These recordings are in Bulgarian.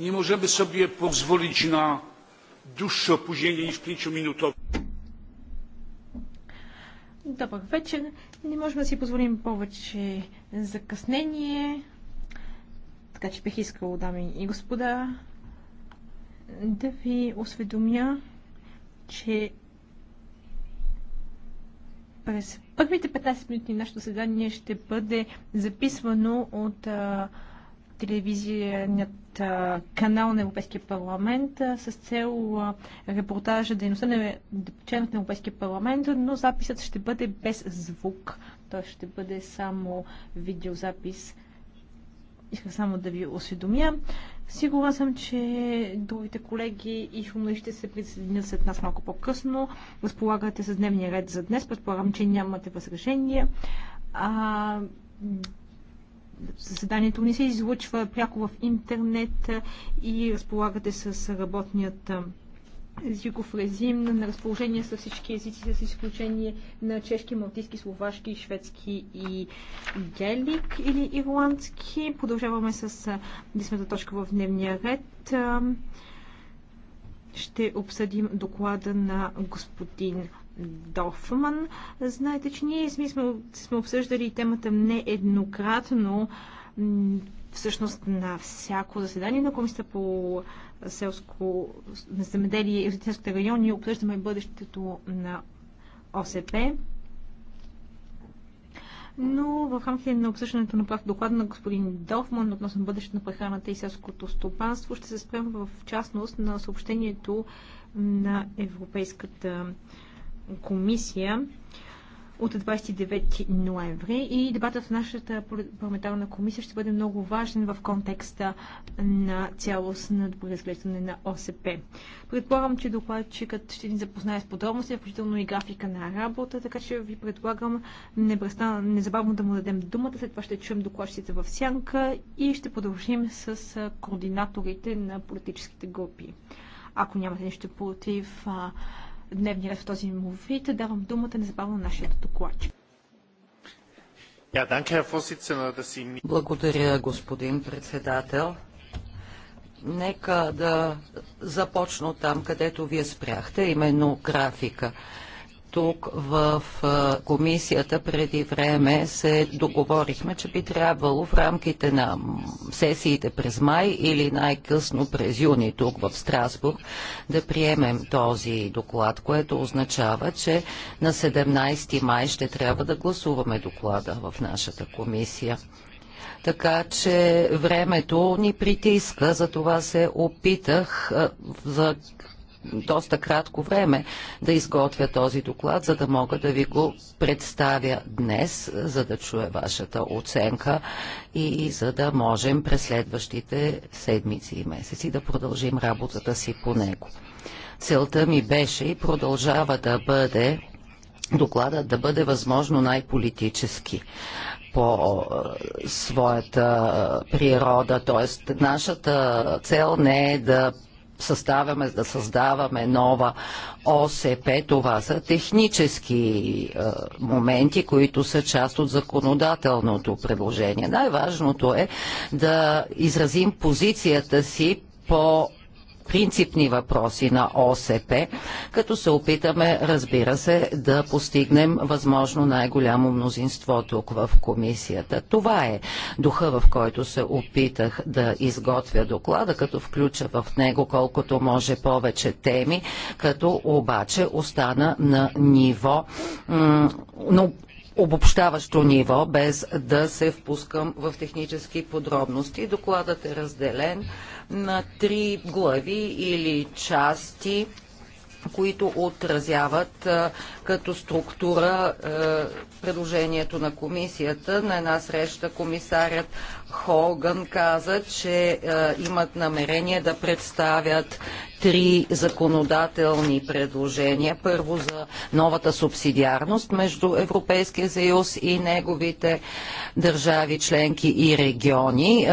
nie możemy sobie pozwolić na dłuższe opóźnienie niż pięciominutowe. Добър вечер. Не можем да си позволим повече закъснение. Така че бих искал дами и господа, да ви осведомя, че през първите 15 минути на нашето заседание ще бъде записвано от телевизионният канал на Европейския парламент с цел репортажа дейността на членът на Европейския парламент, но записът ще бъде без звук. Той ще бъде само видеозапис. Искам само да ви осведомя. Сигурна съм, че другите колеги и журналисти се присъединят след нас малко по-късно. Разполагате с дневния ред за днес. Предполагам, че нямате възражения заседанието не се излъчва пряко в интернет и разполагате с работният езиков резим На разположение с всички езици, с изключение на чешки, малтийски, словашки, шведски и гелик или ирландски. Продължаваме с десмата точка в дневния ред. Ще обсъдим доклада на господин Дофман, Знаете, че ние сме, сме обсъждали темата нееднократно, всъщност на всяко заседание на Комисията по селско земеделие и родителските райони обсъждаме бъдещето на ОСП. Но в рамките на обсъждането на прав доклада на господин Дофман относно бъдещето на прехраната и селското стопанство ще се спрем в частност на съобщението на Европейската комисия от 29 ноември и дебатът в нашата парламентарна комисия ще бъде много важен в контекста на цялост добро разглеждане на ОСП. Предполагам, че докладчикът ще ни запознае с подробности, включително и графика на работа, така че ви предлагам незабавно да му дадем думата, след това ще чуем докладчиците в сянка и ще продължим с координаторите на политическите групи. Ако нямате нищо против дневния ред в този му вид. Давам думата незабавно на нашия докладчик. Благодаря, господин председател. Нека да започна там, където вие спряхте, именно графика тук в комисията преди време се договорихме, че би трябвало в рамките на сесиите през май или най-късно през юни тук в Страсбург да приемем този доклад, което означава, че на 17 май ще трябва да гласуваме доклада в нашата комисия. Така че времето ни притиска, за това се опитах за доста кратко време да изготвя този доклад, за да мога да ви го представя днес, за да чуя вашата оценка и за да можем през следващите седмици и месеци да продължим работата си по него. Целта ми беше и продължава да бъде докладът да бъде възможно най-политически по своята природа. Тоест, нашата цел не е да съставяме, да създаваме нова ОСП. Това са технически е, моменти, които са част от законодателното предложение. Най-важното е да изразим позицията си по принципни въпроси на ОСП, като се опитаме, разбира се, да постигнем възможно най-голямо мнозинство тук в комисията. Това е духа, в който се опитах да изготвя доклада, като включа в него колкото може повече теми, като обаче остана на ниво, но обобщаващо ниво, без да се впускам в технически подробности. Докладът е разделен на три глави или части – които отразяват като структура предложението на комисията. На една среща комисарят Хоган каза, че имат намерение да представят три законодателни предложения. Първо за новата субсидиарност между Европейския съюз и неговите държави, членки и региони.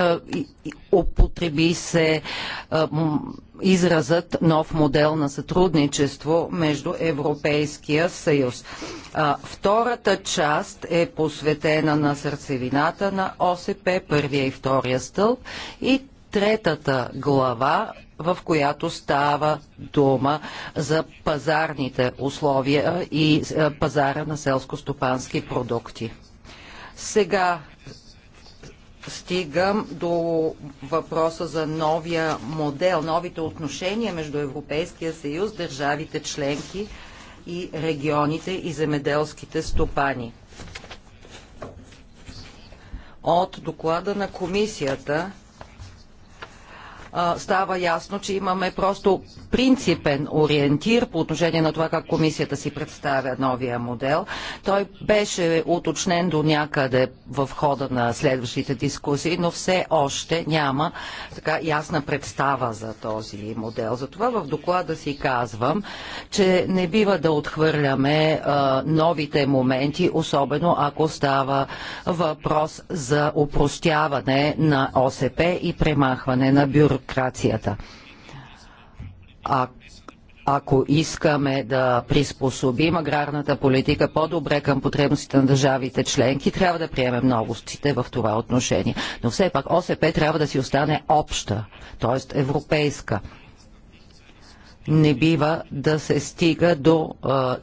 Употреби се изразът нов модел на сътрудничество между Европейския съюз. А, втората част е посветена на сърцевината на ОСП, първия и втория стълб и третата глава в която става дума за пазарните условия и пазара на селско-стопански продукти. Сега стигам до въпроса за новия модел, новите отношения между Европейския съюз, държавите членки и регионите и земеделските стопани. От доклада на комисията става ясно, че имаме просто принципен ориентир по отношение на това как комисията си представя новия модел. Той беше уточнен до някъде в хода на следващите дискусии, но все още няма така ясна представа за този модел. Затова в доклада си казвам, че не бива да отхвърляме а, новите моменти, особено ако става въпрос за упростяване на ОСП и премахване на бюро демокрацията. А ако искаме да приспособим аграрната политика по-добре към потребностите на държавите членки, трябва да приемем новостите в това отношение. Но все пак ОСП трябва да си остане обща, т.е. европейска. Не бива да се стига до а,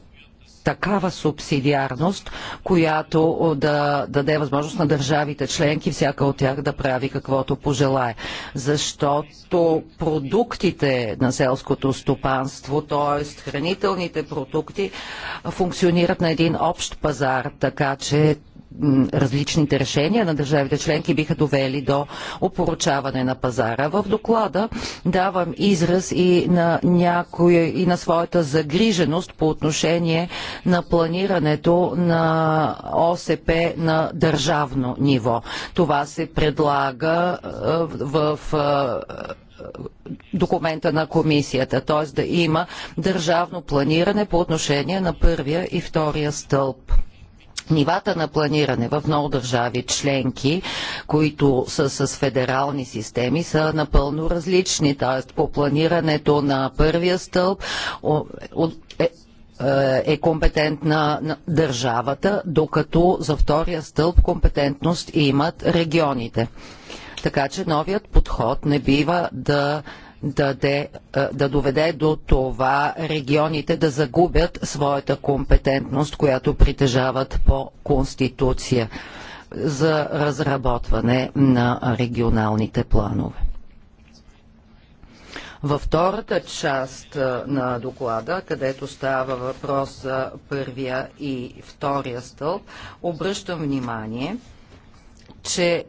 такава субсидиарност, която да даде възможност на държавите членки, всяка от тях да прави каквото пожелае. Защото продуктите на селското стопанство, т.е. хранителните продукти, функционират на един общ пазар, така че различните решения на държавите членки биха довели до опоручаване на пазара. В доклада давам израз и на някои и на своята загриженост по отношение на планирането на ОСП на държавно ниво. Това се предлага в документа на комисията, т.е. да има държавно планиране по отношение на първия и втория стълб. Нивата на планиране в много държави членки, които са с федерални системи, са напълно различни. Т.е. по планирането на първия стълб е, е компетентна държавата, докато за втория стълб компетентност имат регионите. Така че новият подход не бива да даде, е, да доведе до това регионите да загубят своята компетентност, която притежават по Конституция за разработване на регионалните планове. Във втората част е, на доклада, където става въпрос за първия и втория стълб, обръщам внимание, че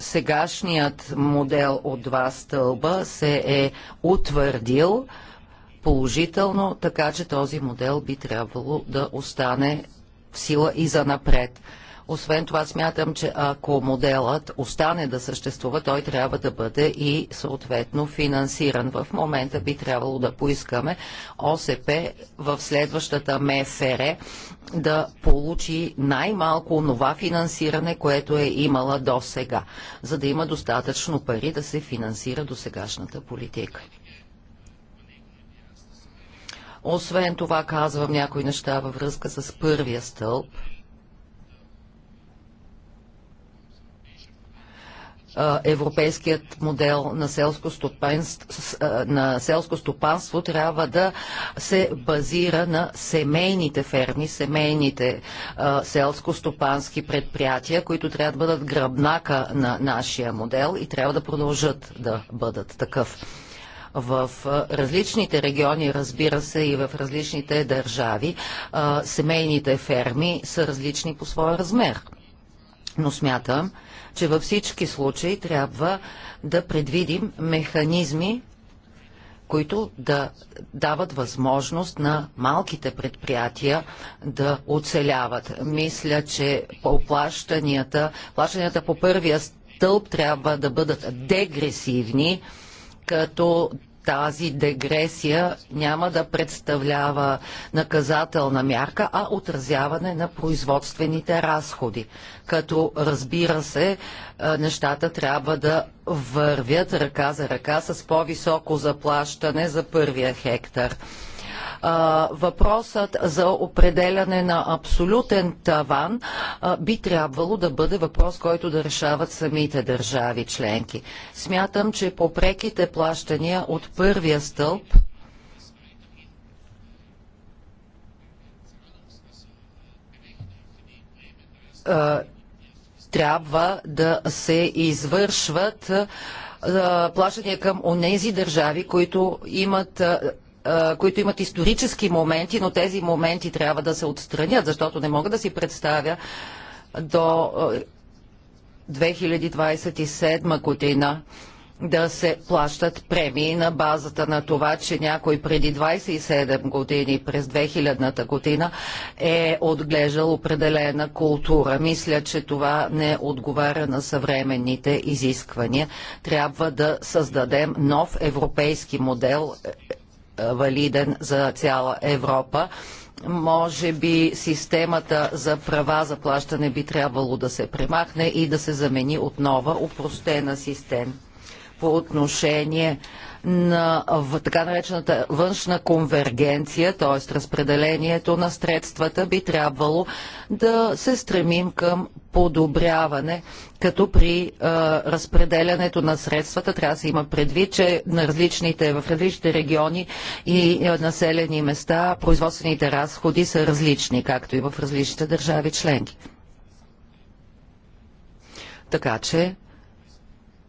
сегашният модел от два стълба се е утвърдил положително, така че този модел би трябвало да остане в сила и за напред. Освен това смятам, че ако моделът остане да съществува, той трябва да бъде и съответно финансиран. В момента би трябвало да поискаме ОСП в следващата МФР да получи най-малко нова финансиране, което е имала до сега, за да има достатъчно пари да се финансира до сегашната политика. Освен това казвам някои неща във връзка с първия стълб – европейският модел на селско, стопанство, на селско стопанство трябва да се базира на семейните ферми, семейните селско-стопански предприятия, които трябва да бъдат гръбнака на нашия модел и трябва да продължат да бъдат такъв в различните региони, разбира се, и в различните държави, семейните ферми са различни по своя размер. Но смятам, че във всички случаи трябва да предвидим механизми, които да дават възможност на малките предприятия да оцеляват. Мисля, че по плащанията, плащанията по първия стълб трябва да бъдат дегресивни, като тази дегресия няма да представлява наказателна мярка, а отразяване на производствените разходи. Като разбира се, е, нещата трябва да вървят ръка за ръка с по-високо заплащане за първия хектар а, въпросът за определяне на абсолютен таван а, би трябвало да бъде въпрос, който да решават самите държави членки. Смятам, че по преките плащания от първия стълб а, трябва да се извършват плащания към онези държави, които имат които имат исторически моменти, но тези моменти трябва да се отстранят, защото не мога да си представя до 2027 година да се плащат премии на базата на това, че някой преди 27 години през 2000-та година е отглеждал определена култура. Мисля, че това не отговаря на съвременните изисквания. Трябва да създадем нов европейски модел, валиден за цяла Европа. Може би системата за права за плащане би трябвало да се премахне и да се замени от нова упростена система. По отношение на така наречената външна конвергенция, т.е. разпределението на средствата, би трябвало да се стремим към подобряване, като при а, е, разпределянето на средствата трябва да се има предвид, че на различните, в различните региони и е, населени места производствените разходи са различни, както и в различните държави членки. Така че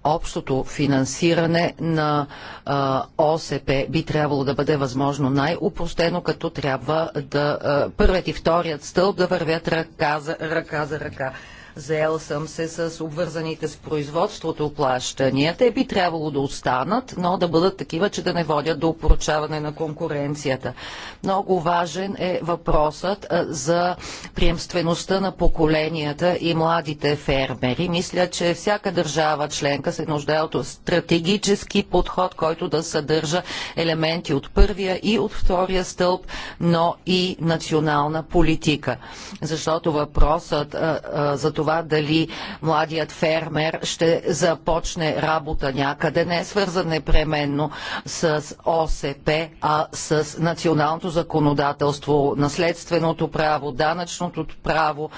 общото финансиране на а, ОСП би трябвало да бъде възможно най-упростено, като трябва да а, първият и вторият стълб да вървят ръка за ръка. За ръка. Заел съм се с обвързаните с производството плащания. Те би трябвало да останат, но да бъдат такива, че да не водят до опоручаване на конкуренцията. Много важен е въпросът за приемствеността на поколенията и младите фермери. Мисля, че всяка държава членка се нуждае от стратегически подход, който да съдържа елементи от първия и от втория стълб, но и национална политика. Защото въпросът а, а, за това, това дали младият фермер ще започне работа някъде, не е свързан непременно с ОСП, а с националното законодателство, наследственото право, данъчното право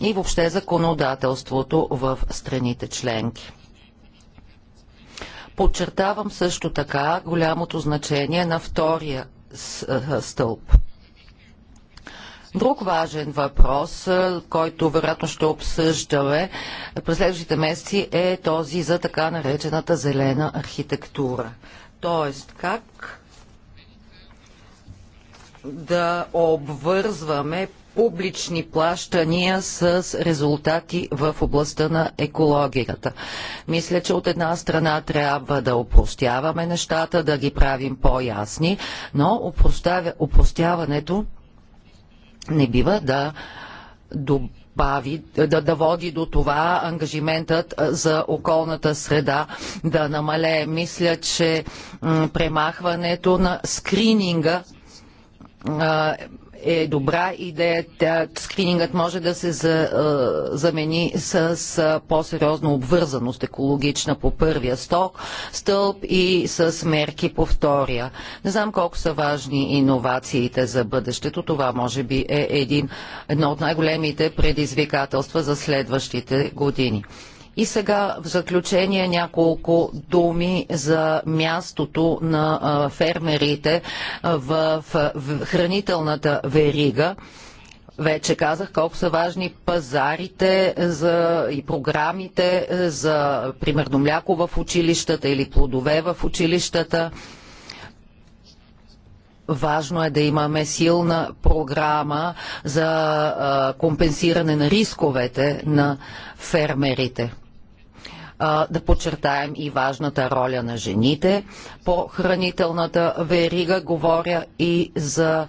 и въобще законодателството в страните членки. Подчертавам също така голямото значение на втория стълб – Друг важен въпрос, който вероятно ще обсъждаме през следващите месеци е този за така наречената зелена архитектура. Тоест как да обвързваме публични плащания с резултати в областта на екологията. Мисля, че от една страна трябва да опростяваме нещата, да ги правим по-ясни, но опростяването не бива да добави, да, да води до това ангажиментът за околната среда да намалее. Мисля, че премахването на скрининга е добра идея. Тя, скринингът може да се за, е, замени с, с по-сериозна обвързаност екологична по първия сток, стълб и с мерки по втория. Не знам колко са важни иновациите за бъдещето. Това може би е един, едно от най-големите предизвикателства за следващите години. И сега в заключение няколко думи за мястото на фермерите в хранителната верига. Вече казах колко са важни пазарите за, и програмите за примерно мляко в училищата или плодове в училищата. Важно е да имаме силна програма за а, компенсиране на рисковете на фермерите да подчертаем и важната роля на жените по хранителната верига. Говоря и за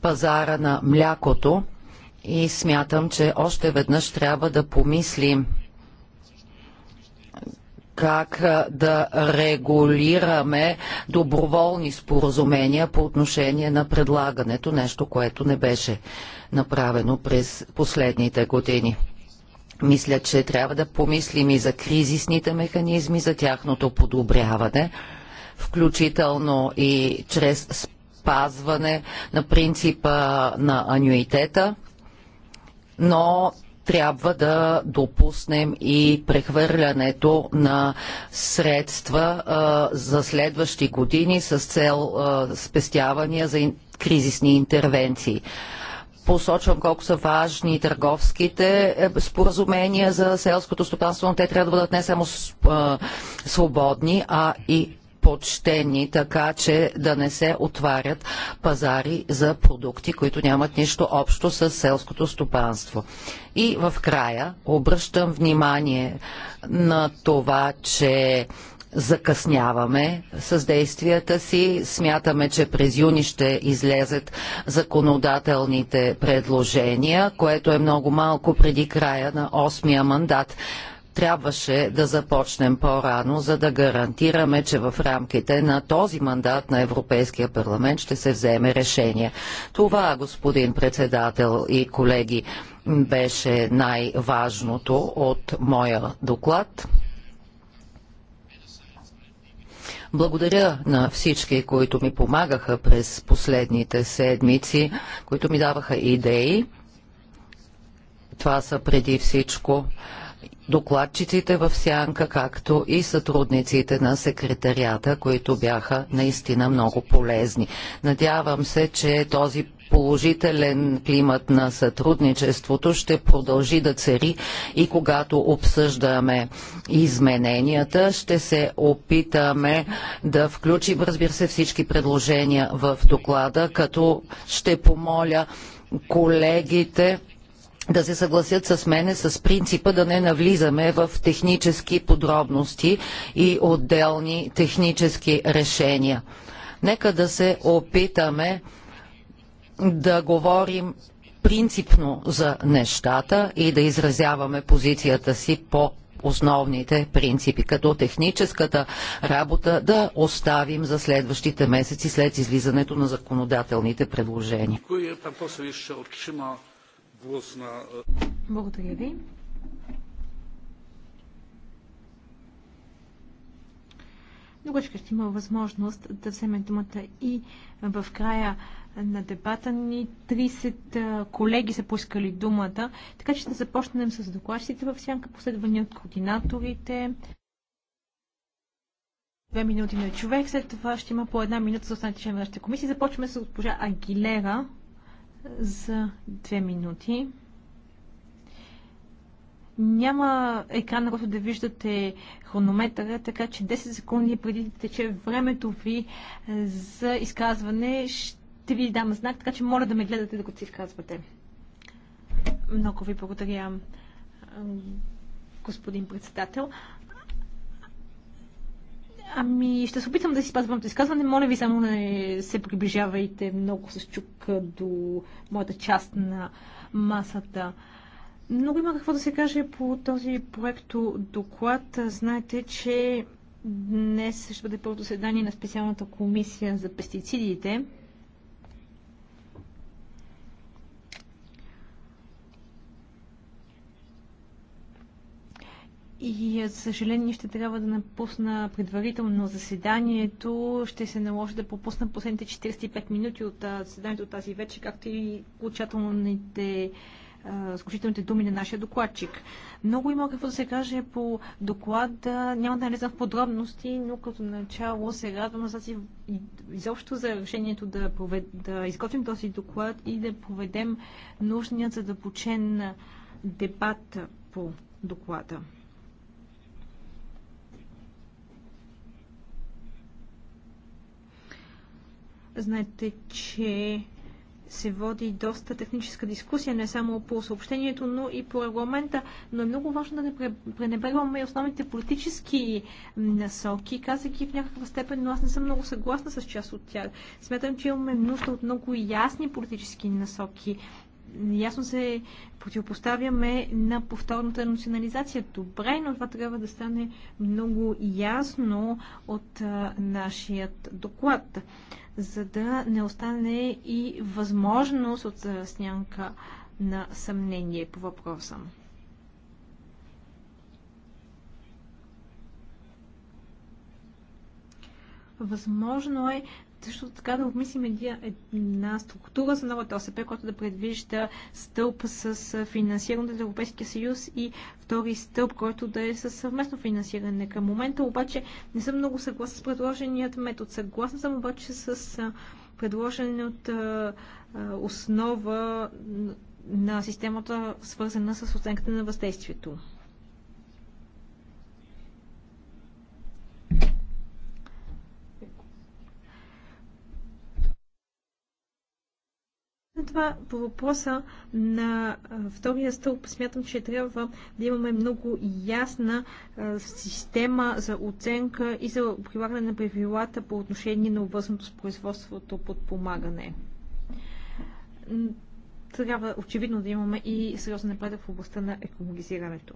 пазара на млякото и смятам, че още веднъж трябва да помислим как да регулираме доброволни споразумения по отношение на предлагането, нещо, което не беше направено през последните години. Мисля, че трябва да помислим и за кризисните механизми, за тяхното подобряване, включително и чрез спазване на принципа на анюитета, но трябва да допуснем и прехвърлянето на средства а, за следващи години с цел а, спестявания за ин, кризисни интервенции посочвам колко са важни търговските е, споразумения за селското стопанство, но те трябва да бъдат не само свободни, а и почтени, така че да не се отварят пазари за продукти, които нямат нищо общо с селското стопанство. И в края обръщам внимание на това, че закъсняваме с действията си. Смятаме, че през юни ще излезат законодателните предложения, което е много малко преди края на 8-я мандат трябваше да започнем по-рано, за да гарантираме, че в рамките на този мандат на Европейския парламент ще се вземе решение. Това, господин председател и колеги, беше най-важното от моя доклад. Благодаря на всички, които ми помагаха през последните седмици, които ми даваха идеи. Това са преди всичко докладчиците в сянка, както и сътрудниците на секретарията, които бяха наистина много полезни. Надявам се, че този положителен климат на сътрудничеството ще продължи да цари и когато обсъждаме измененията, ще се опитаме да включим, разбира се, всички предложения в доклада, като ще помоля колегите да се съгласят с мене с принципа да не навлизаме в технически подробности и отделни технически решения. Нека да се опитаме да говорим принципно за нещата и да изразяваме позицията си по основните принципи, като техническата работа да оставим за следващите месеци след излизането на законодателните предложения. Благодаря ви. Другачка ще има възможност да вземе думата и в края на дебата ни. 30 колеги са поискали думата, така че ще започнем с докладчиците в сянка, последвани от координаторите. Две минути на човек, след това ще има по една минута за останалите членове на нашата комисия. Започваме с госпожа Агилера за две минути. Няма екран, на който да виждате хронометъра, така че 10 секунди преди да тече времето ви за изказване ще ще ви дам знак, така че моля да ме гледате, докато си изказвате. Много ви благодаря, господин председател. Ами, ще се опитам да си спазвам това изказване. Моля ви само не се приближавайте много с чук до моята част на масата. Много има какво да се каже по този проекто доклад. Знаете, че днес ще бъде първото седание на специалната комисия за пестицидите. И, е, за съжаление, ще трябва да напусна предварително заседанието. Ще се наложи да пропусна последните 45 минути от заседанието от тази вечер, както и получателните изключителните думи на нашия докладчик. Много има какво да се каже по доклада. Няма да налезам в подробности, но като начало се радвам за си изобщо за решението да, провед... да изготвим този доклад и да проведем нужният задълбочен дебат по доклада. Знаете, че се води доста техническа дискусия, не само по съобщението, но и по регламента. Но е много важно да не пренебрегваме и основните политически насоки. казвайки в някаква степен, но аз не съм много съгласна с част от тях. Смятам, че имаме нужда от много ясни политически насоки. Ясно се противопоставяме на повторната национализация. Добре, но това трябва да стане много ясно от а, нашият доклад за да не остане и възможност от снянка на съмнение по въпроса. Възможно е също така да обмислим една структура за новата ОСП, която да предвижда стълб с финансирането от Европейския съюз и втори стълб, който да е с съвместно финансиране. Към момента обаче не съм много съгласна с предложеният метод. Съгласна съм обаче с от основа на системата, свързана с оценката на въздействието. това по въпроса на втория стълб смятам, че трябва да имаме много ясна система за оценка и за прилагане на правилата по отношение на обвързаното с производството подпомагане. Трябва очевидно да имаме и сериозен напредък в областта на екологизирането.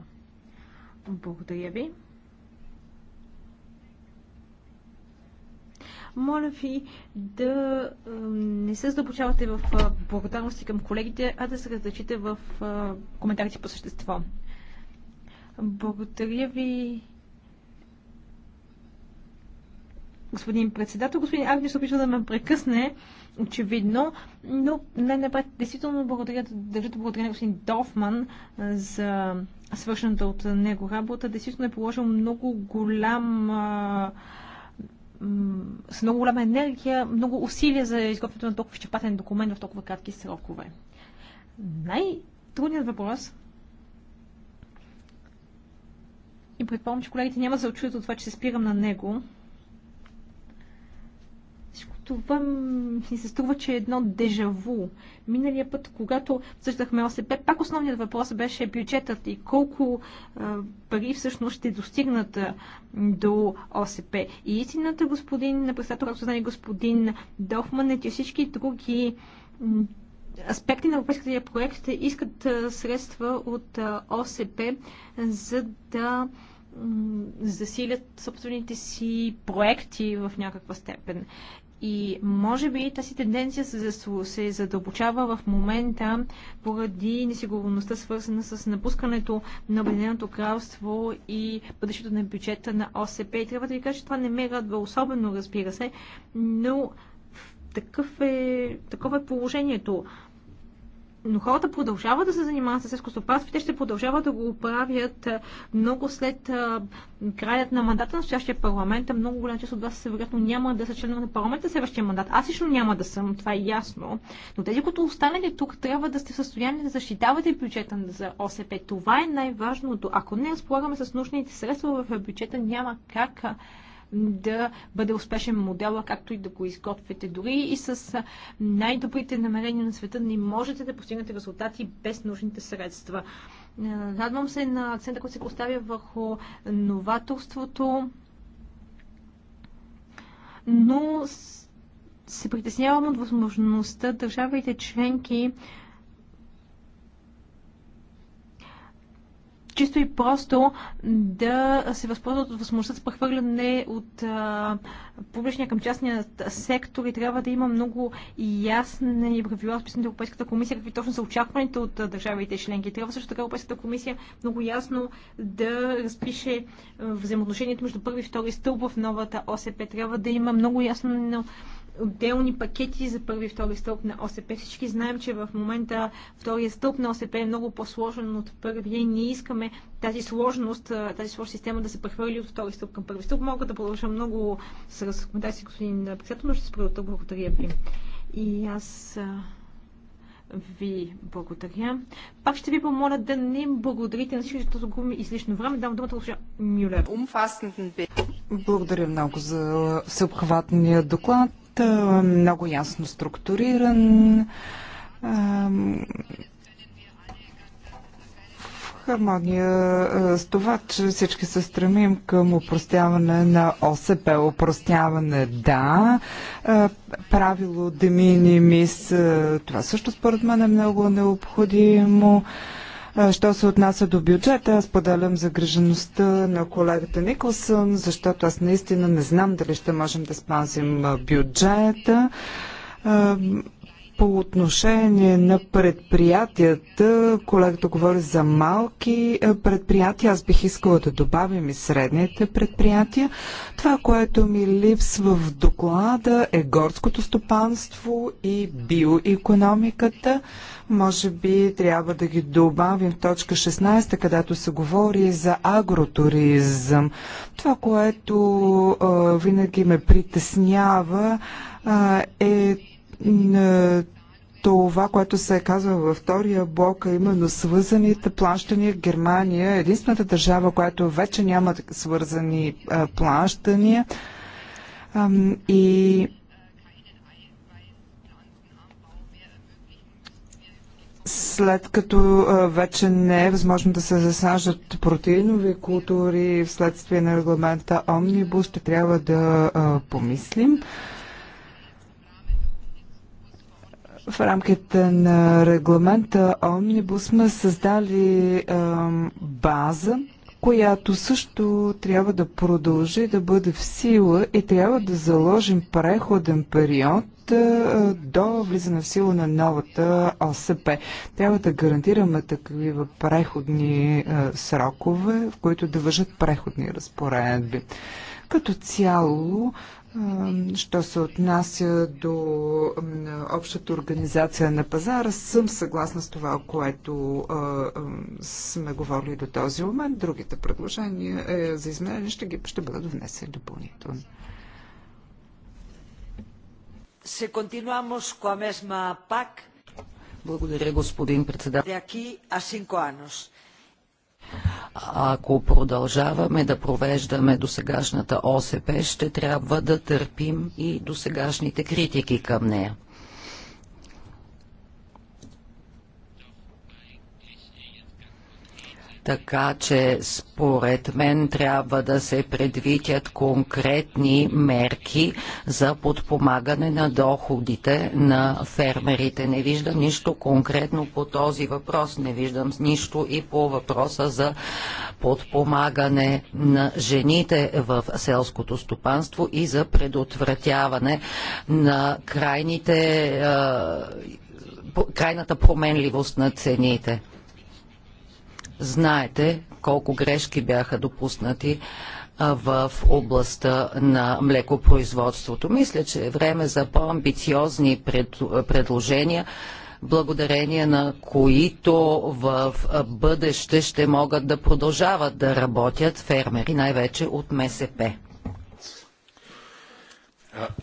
Благодаря ви. Моля ви да не се задълбочавате в благодарности към колегите, а да се различите в коментарите по същество. Благодаря ви. господин председател. Господин Агнес обича да ме прекъсне, очевидно, но най-напред действително благодаря, държа да благодаря на господин Дофман за свършената от него работа. Действително е положил много голям а, с много голяма енергия, много усилия за изготвянето на толкова изчерпателен документ в толкова кратки срокове. Най-трудният въпрос и предполагам, че колегите няма да се очудят от това, че се спирам на него, това ми се струва, че е едно дежаву. Миналия път, когато обсъждахме ОСП, пак основният въпрос беше бюджетът и колко а, пари всъщност ще достигнат до ОСП. И истината, господин председател, както знае господин Дофман, е, че всички други аспекти на европейския проект искат средства от ОСП, за да засилят собствените си проекти в някаква степен. И може би тази тенденция се, се задълбочава в момента поради несигурността, свързана с напускането на Обединеното кралство и бъдещето на бюджета на ОСП. И трябва да ви кажа, че това не ме радва особено, разбира се, но такъв е, такова е положението но хората продължават да се занимават с селскостопанство, те ще продължават да го оправят много след краят на мандата на настоящия парламент. Много голям част от вас се вероятно няма да са членове на парламента следващия мандат. Аз лично няма да съм, това е ясно. Но тези, които останете тук, трябва да сте в състояние да защитавате бюджета за ОСП. Това е най-важното. Ако не разполагаме с нужните средства в бюджета, няма как да бъде успешен модела, както и да го изготвяте, Дори и с най-добрите намерения на света не можете да постигнете резултати без нужните средства. Радвам се на акцента, който се поставя върху новаторството, но се притеснявам от възможността държавите членки чисто и просто да се възползват от възможността за прехвърляне от а, публичния към частния сектор и трябва да има много ясни правила в на Европейската комисия, какви точно са очакваните от а, държавите членки. Трябва също така Европейската комисия много ясно да разпише взаимоотношението между първи и втори стълб в новата ОСП. Трябва да има много ясно отделни пакети за първи и втори стълб на ОСП. Всички знаем, че в момента втория стълб на ОСП е много по-сложен от първия ние ние искаме тази сложност, тази сложна система да се прехвърли от втори стълб към първи стълб. Мога да продължа много с разкоментации, господин председател, но ще спра до тук. Благодаря ви. И аз ви благодаря. Пак ще ви помоля да не благодарите на всички, защото губим излишно време. Дам думата на Мюлер. Благодаря много за всеобхватния доклад много ясно структуриран, хармония с това, че всички се стремим към упростяване на ОСП. Упростяване да, правило де минимис, това също според мен е много необходимо. Що се отнася до бюджета, аз поделям загрижеността на колегата Николсън, защото аз наистина не знам дали ще можем да спазим бюджета. По отношение на предприятията, колегата говори за малки е, предприятия, аз бих искала да добавим и средните предприятия. Това, което ми липсва в доклада е горското стопанство и биоекономиката. Може би трябва да ги добавим в точка 16, където се говори за агротуризъм. Това, което а, е, винаги ме притеснява, а, е това, което се е казва във втория блок, а е именно свързаните плащания. Германия е единствената държава, която вече няма свързани плащания. и след като вече не е възможно да се засаждат протеинови култури вследствие на регламента Омнибус, ще трябва да помислим. В рамките на регламента Омнибус сме създали база, която също трябва да продължи да бъде в сила и трябва да заложим преходен период до влизане в сила на новата ОСП. Трябва да гарантираме такива преходни срокове, в които да въжат преходни разпоредби. Като цяло Що се отнася до общата организация на пазара, съм съгласна с това, което сме говорили до този момент. Другите предложения е, за изменение ще, ги, ще бъдат внесени допълнително. Благодаря, господин председател. Ако продължаваме да провеждаме досегашната ОСП, ще трябва да търпим и досегашните критики към нея. Така че според мен трябва да се предвидят конкретни мерки за подпомагане на доходите на фермерите. Не виждам нищо конкретно по този въпрос. Не виждам нищо и по въпроса за подпомагане на жените в селското стопанство и за предотвратяване на крайните крайната променливост на цените. Знаете колко грешки бяха допуснати в областта на млекопроизводството. Мисля, че е време за по-амбициозни пред, предложения, благодарение на които в бъдеще ще могат да продължават да работят фермери, най-вече от МСП.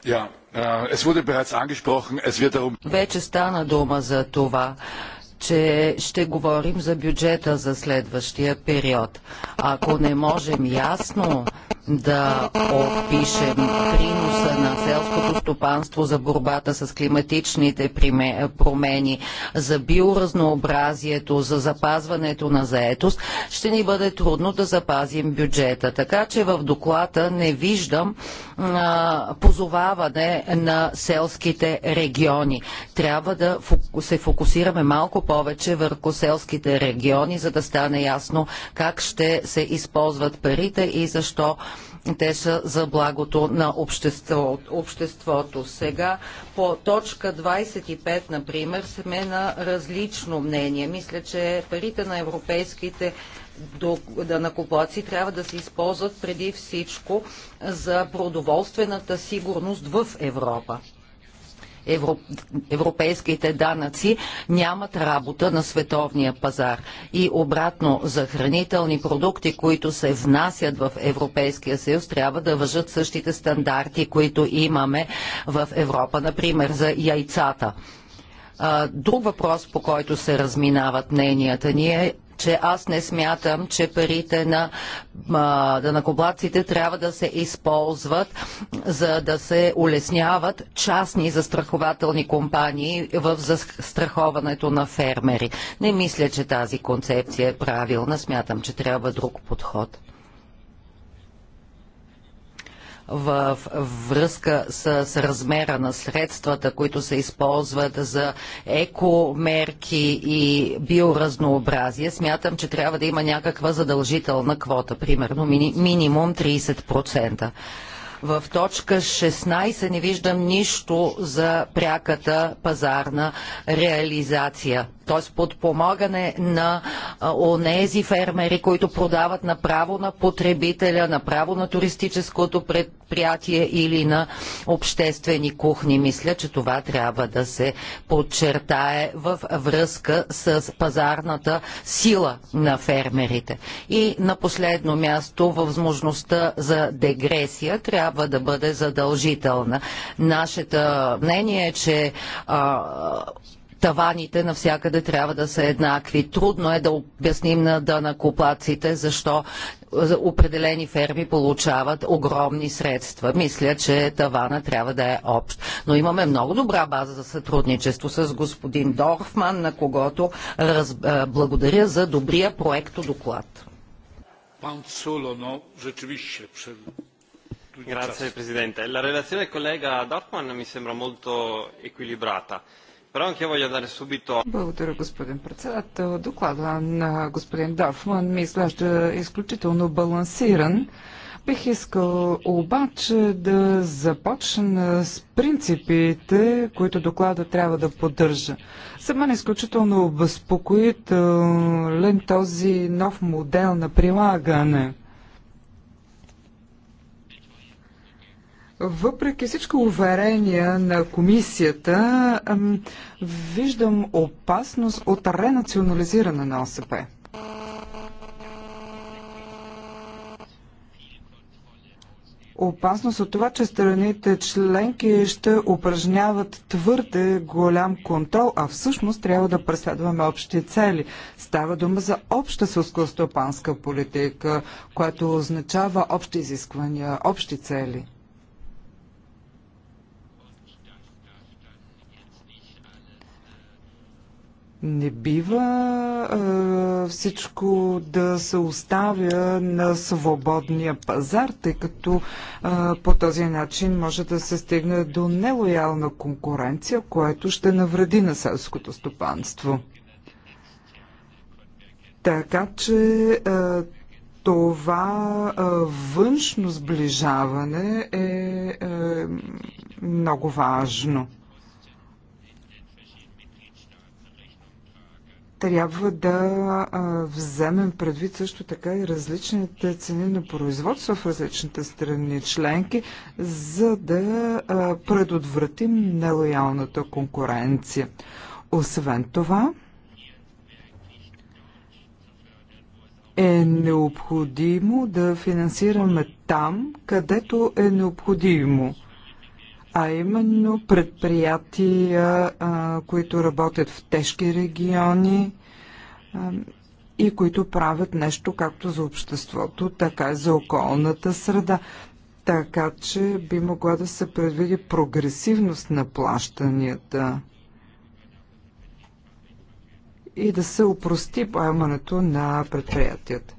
Е, е, Вече стана дума за това че ще говорим за бюджета за следващия период. Ако не можем ясно да опишем приноса на селското стопанство за борбата с климатичните промени, за биоразнообразието, за запазването на заетост, ще ни бъде трудно да запазим бюджета. Така че в доклада не виждам а, позоваване на селските региони. Трябва да се фокусираме малко повече върху селските региони, за да стане ясно как ще се използват парите и защо те са за благото на общество, обществото. Сега по точка 25, например, сме на различно мнение. Мисля, че парите на европейските данакоплаци трябва да се използват преди всичко за продоволствената сигурност в Европа европейските данъци нямат работа на световния пазар. И обратно за хранителни продукти, които се внасят в Европейския съюз, трябва да въжат същите стандарти, които имаме в Европа, например за яйцата. Друг въпрос, по който се разминават мненията ни е че аз не смятам, че парите на данакоплаците трябва да се използват, за да се улесняват частни застрахователни компании в застраховането на фермери. Не мисля, че тази концепция е правилна. Смятам, че трябва друг подход в връзка с, с размера на средствата, които се използват за екомерки и биоразнообразие, смятам, че трябва да има някаква задължителна квота, примерно мини, минимум 30%. В точка 16 не виждам нищо за пряката пазарна реализация. Т.е. подпомагане на онези фермери, които продават направо на потребителя, направо на туристическото предприятие или на обществени кухни. Мисля, че това трябва да се подчертае в връзка с пазарната сила на фермерите. И на последно място, възможността за дегресия трябва трябва да бъде задължителна. Нашето мнение е, че а, таваните навсякъде трябва да са еднакви. Трудно е да обясним на данакоплаците защо определени ферми получават огромни средства. Мисля, че тавана трябва да е общ. Но имаме много добра база за сътрудничество с господин Дорфман, на когото раз... благодаря за добрия проекто доклад. Пан Цулоно, речевище, Grazie Presidente. La relazione del collega Dortman mi sembra molto equilibrata. Però anche io voglio subito a... Благодаря, господин председател. Доклада на господин Дорфман ми изглежда изключително балансиран. Бих искал обаче да започна с принципите, които доклада трябва да поддържа. За мен е изключително обезпокоителен този нов модел на прилагане – Въпреки всичко уверения на комисията, виждам опасност от ренационализиране на ОСП. опасност от това, че страните членки ще упражняват твърде голям контрол, а всъщност трябва да преследваме общи цели. Става дума за обща сълско-стопанска политика, която означава общи изисквания, общи цели. Не бива а, всичко да се оставя на свободния пазар, тъй като а, по този начин може да се стигне до нелоялна конкуренция, което ще навреди на селското стопанство. Така че а, това а, външно сближаване е, е много важно. трябва да вземем предвид също така и различните цени на производство в различните страни членки, за да предотвратим нелоялната конкуренция. Освен това, е необходимо да финансираме там, където е необходимо – а именно предприятия, които работят в тежки региони и които правят нещо както за обществото, така и за околната среда. Така че би могла да се предвиди прогресивност на плащанията и да се упрости поемането на предприятията.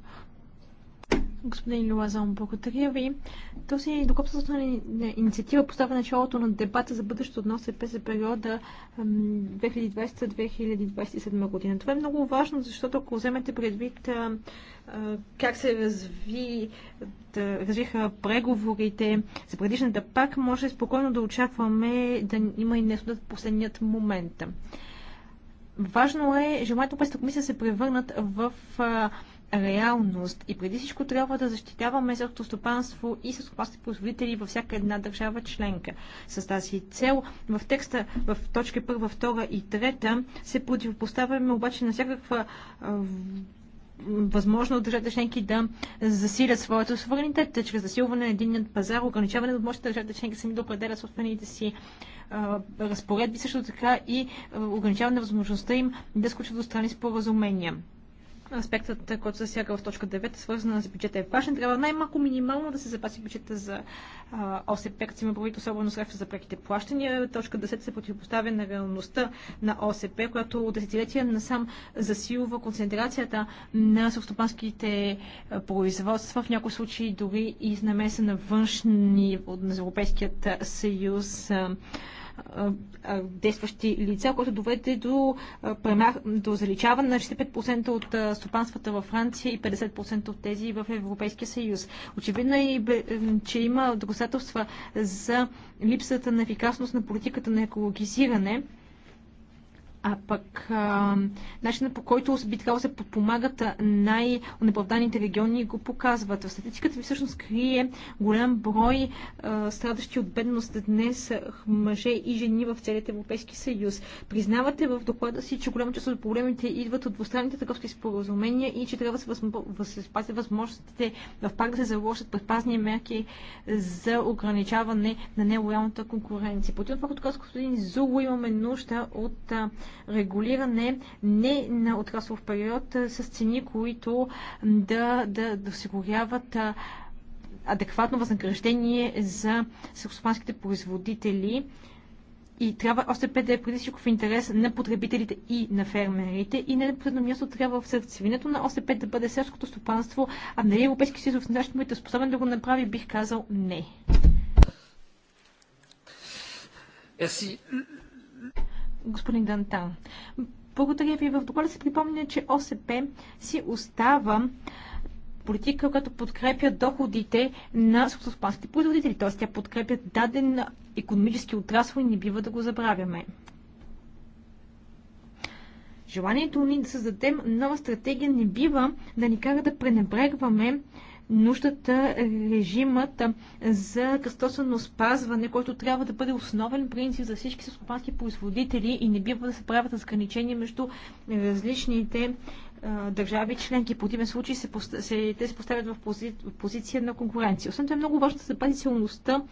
Господин Луазон, благодаря ви. Този на инициатива поставя началото на дебата за бъдещето на ОСП за периода 2020-2027 година. Това е много важно, защото ако вземете предвид как се разви, да, развиха преговорите за предишната пак, може спокойно да очакваме да има и нещо в последният момент. Важно е желанието през комисия се превърнат в реалност и преди всичко трябва да защитаваме селското стопанство и селскостопанските производители във всяка една държава членка. С тази цел в текста в точки 1, 2 и 3 се противопоставяме обаче на всякаква възможно от държавите членки да засилят своето суверенитет чрез засилване на единният пазар, ограничаване на мощта държавите членки сами да определят собствените си разпоредби, също така и ограничаване на възможността им да сключат двустранни споразумения. Аспектът, който засяга в точка 9, свързан с бюджета е важен. Трябва най-малко минимално да се запаси бюджета за ОСП, като има правит особено средства за преките плащания. Точка 10 се противопоставя на реалността на ОСП, която от десетилетия насам засилва концентрацията на съвстопанските производства, в някои случаи дори и с намеса на външни от Европейският съюз действащи лица, което доведе до, до заличаване на 65% от стопанствата във Франция и 50% от тези в Европейския съюз. Очевидно е, че има доказателства за липсата на ефикасност на политиката на екологизиране, а пък а, начинът по който би трябвало се подпомагат най-неправданите региони го показват. В статистиката ви всъщност крие голям брой а, страдащи от бедност днес мъже и жени в целият Европейски съюз. Признавате в доклада си, че голяма част от проблемите идват от двустранните търговски споразумения и че трябва да се възпазят възможностите в пак да се заложат предпазни мерки за ограничаване на нелоялната конкуренция. По това, което казах, господин Зуго, имаме нужда от а, регулиране не на отраслов период с цени, които да, да, да осигуряват адекватно възнаграждение за селскостопанските производители и трябва още пет да е преди всичко в интерес на потребителите и на фермерите. И не на последно място трябва в сърцевинето на още пет да бъде селското стопанство, а дали Европейски съюз в настоящия момент е способен да го направи, бих казал не. Merci господин Дантан. Благодаря ви. В доклада се припомня, че ОСП си остава политика, която подкрепя доходите на селскостопанските производители. Т.е. тя подкрепя даден економически отрасъл и не бива да го забравяме. Желанието ни да създадем нова стратегия не бива да ни кара да пренебрегваме нуждата е, режимът е, за кръстосано спазване, който трябва да бъде основен принцип за всички съскопански производители и не бива да се правят разграничения между е, различните държави членки. В противен случай се, се, те се поставят в, пози, в позиция на конкуренция. Освен това е много важно да запази силността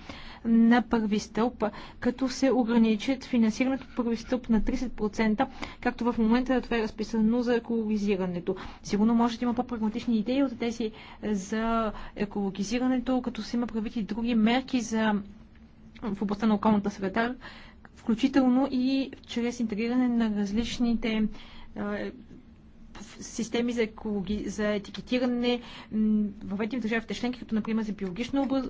на първи стълб, като се ограничат финансирането първи стълб на 30%, както в момента това е разписано за екологизирането. Сигурно може да има по-прагматични идеи от тези за екологизирането, като се има правити други мерки за в областта на околната среда, включително и чрез интегриране на различните системи за, екологи, за етикетиране в в държавите членки, като например за биологично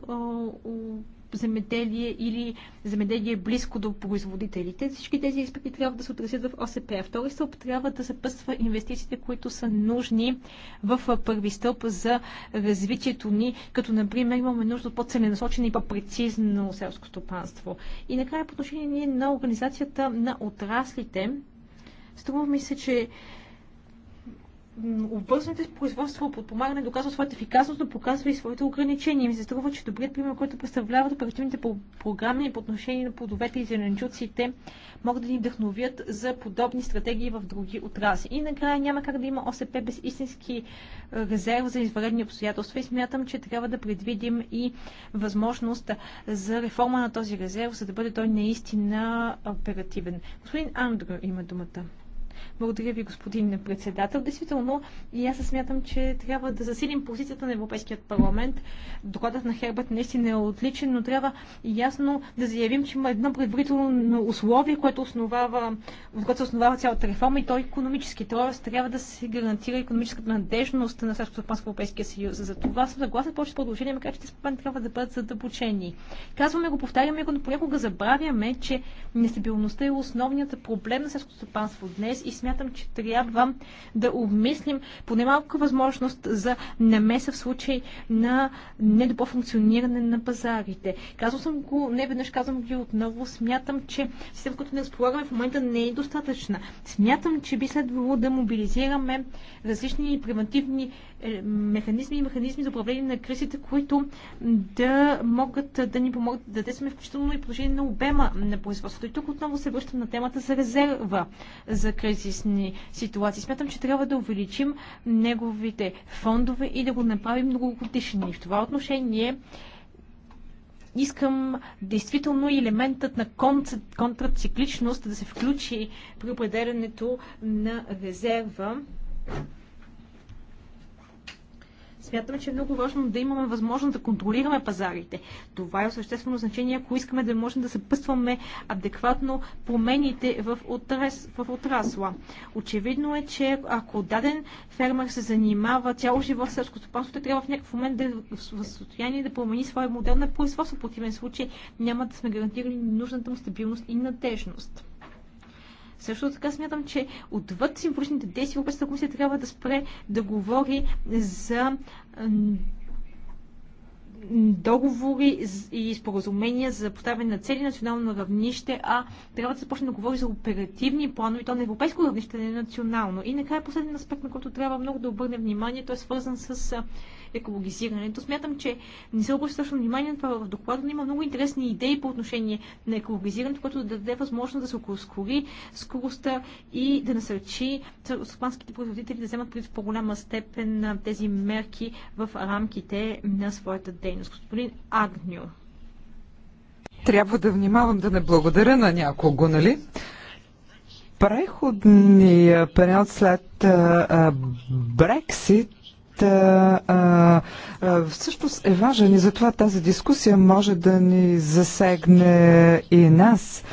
земеделие или земеделие близко до производителите. Всички тези аспекти трябва да се отразят в ОСП. Втори стълб трябва да съпътства инвестициите, които са нужни в първи стълб за развитието ни, като например имаме нужда от по-целенасочено и по-прецизно селско стопанство. И накрая по отношение на организацията на отраслите, струва ми се, че обвързаните с производство подпомагане доказва своята ефикасност, но показва и своите ограничения. Ми се струва, че добрият пример, който представляват оперативните програми по отношение на плодовете и зеленчуците, могат да ни вдъхновят за подобни стратегии в други отрази. И накрая няма как да има ОСП без истински е, резерв за изваредни обстоятелства и смятам, че трябва да предвидим и възможност за реформа на този резерв, за да бъде той наистина оперативен. Господин Андро има думата. Благодаря ви, господин председател. Действително, и аз смятам, че трябва да засилим позицията на Европейският парламент. Докладът на Хербът наистина е отличен, но трябва ясно да заявим, че има едно предварително условие, което, основава, в което се основава цялата реформа и то е економически. Тоест, трябва да се гарантира економическата надежност на в Европейския съюз. За това съм съгласен повече предложения, макар че тези спомени трябва да бъдат задълбочени. Казваме го, повтаряме го, но понякога забравяме, че нестабилността е основният проблем на селското стопанство днес и сме смятам, че трябва да обмислим поне малко възможност за намеса в случай на недобро функциониране на пазарите. Казвам съм го, не веднъж казвам ги отново, смятам, че системата, която не разполагаме в момента не е достатъчна. Смятам, че би следвало да мобилизираме различни превентивни е, механизми и механизми за управление на кризите, които да могат да ни помогнат да действаме включително и положение на обема на производството. И тук отново се връщам на темата за резерва за кризи кризисни ситуации. Смятам, че трябва да увеличим неговите фондове и да го направим многогодишен. И в това отношение искам действително елементът на контрацикличност да се включи при определенето на резерва Смятам, че е много важно да имаме възможност да контролираме пазарите. Това е съществено значение, ако искаме да можем да съпъстваме адекватно промените в, отрас, в отрасла. Очевидно е, че ако даден фермер се занимава цяло живот с селско стопанство, той трябва в някакъв момент да е в състояние да промени своя модел на производство. В противен случай няма да сме гарантирали нужната му стабилност и надежност. Също така смятам, че отвъд символичните действия Европейската комисия трябва да спре да говори за договори и споразумения за поставяне на цели национално равнище, а трябва да започне да говори за оперативни планове, то на европейско равнище, не национално. И накрая последен аспект, на който трябва много да обърне внимание, той е свързан с екологизирането. Смятам, че не се обръща точно внимание на това в доклада, но има много интересни идеи по отношение на екологизирането, което да даде възможност да се ускори скоростта и да насърчи стопанските производители да вземат в по-голяма степен тези мерки в рамките на своята дейност. Господин Агню. Трябва да внимавам да не благодаря на някого, нали? Преходният период след Брексит а, а, всъщност е важен и затова тази дискусия може да ни засегне и нас.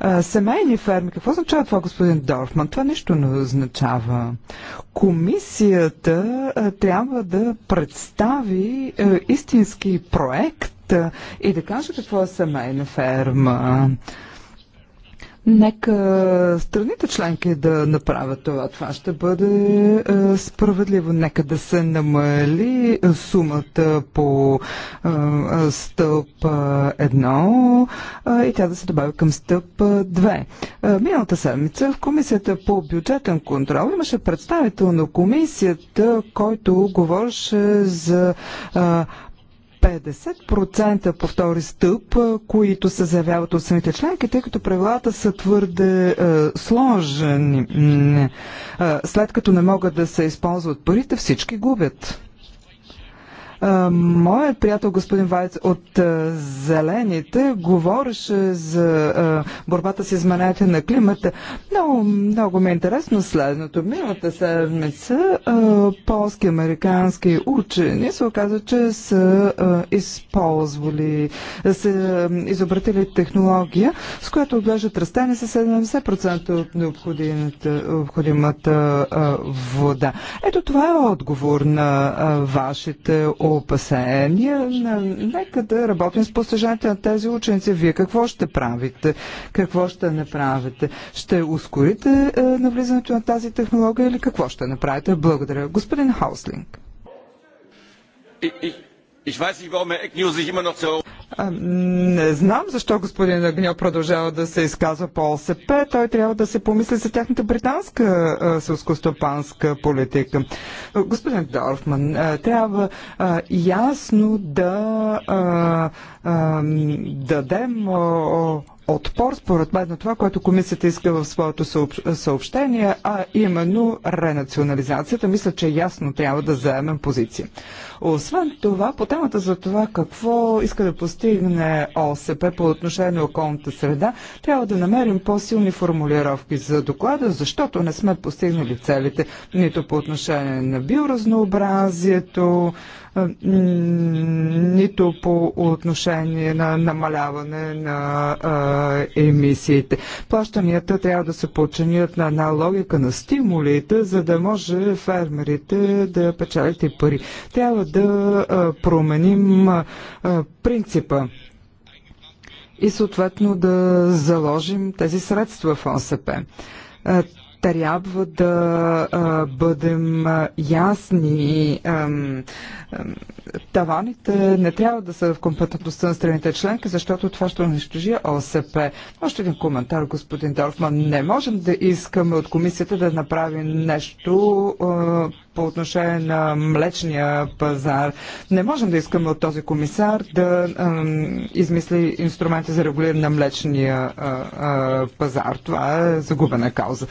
А, семейни ферми, какво означава това, господин Дорфман? Това нищо не означава. Комисията а, трябва да представи а, истински проект и да каже какво е семейна ферма. Нека страните членки да направят това. Това ще бъде е, справедливо. Нека да се намали сумата по е, стълб 1 е, и тя да се добави към стълб 2. Миналата седмица в Комисията по бюджетен контрол имаше представител на комисията, който говореше за 50% по втори стъп, които се заявяват от самите членки, тъй като правилата са твърде е, сложни. След като не могат да се използват парите, всички губят моят приятел господин Вайц от Зелените говореше за борбата с изменението на климата. Много, много ми е интересно следното. Миналата седмица полски американски учени се оказа, че са използвали, са изобретили технология, с която отглеждат растения с 70% от необходимата, необходимата вода. Ето това е отговор на вашите опасения. Нека да работим с постижанията на тези ученици. Вие какво ще правите? Какво ще направите? Ще ускорите е, навлизането на тази технология или какво ще направите? Благодаря. Господин Хауслинг. Не знам защо господин Агньо продължава да се изказва по ОСП. Той трябва да се помисли за тяхната британска селскостопанска политика. Господин Дорфман, трябва ясно да дадем отпор, според мен, на това, което комисията иска в своето съобщение, а именно ренационализацията. Мисля, че ясно трябва да заемем позиция. Освен това, по темата за това какво иска да постигне ОСП по отношение на околната среда, трябва да намерим по-силни формулировки за доклада, защото не сме постигнали целите нито по отношение на биоразнообразието, нито по отношение на намаляване на а, емисиите. Плащанията трябва да се подчинят на една логика на стимулите, за да може фермерите да печалят и пари. Трябва да променим принципа и съответно да заложим тези средства в ОСП. Трябва да бъдем ясни Таваните не трябва да са в компетентността на страните членки, защото това ще унищожи ОСП. Още един коментар, господин Дорфман. Не можем да искаме от комисията да направи нещо по отношение на млечния пазар. Не можем да искаме от този комисар да измисли инструменти за регулиране на млечния пазар. Това е загубена кауза.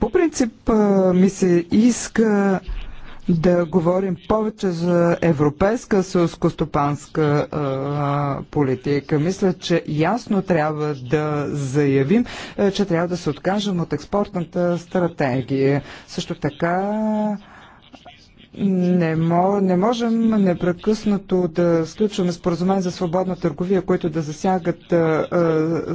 по принцип ми се иска да говорим повече за европейска селскостопанска политика. Мисля, че ясно трябва да заявим, е, че трябва да се откажем от експортната стратегия. Също така не, не можем непрекъснато да сключваме споразумение за свободна търговия, които да засягат а,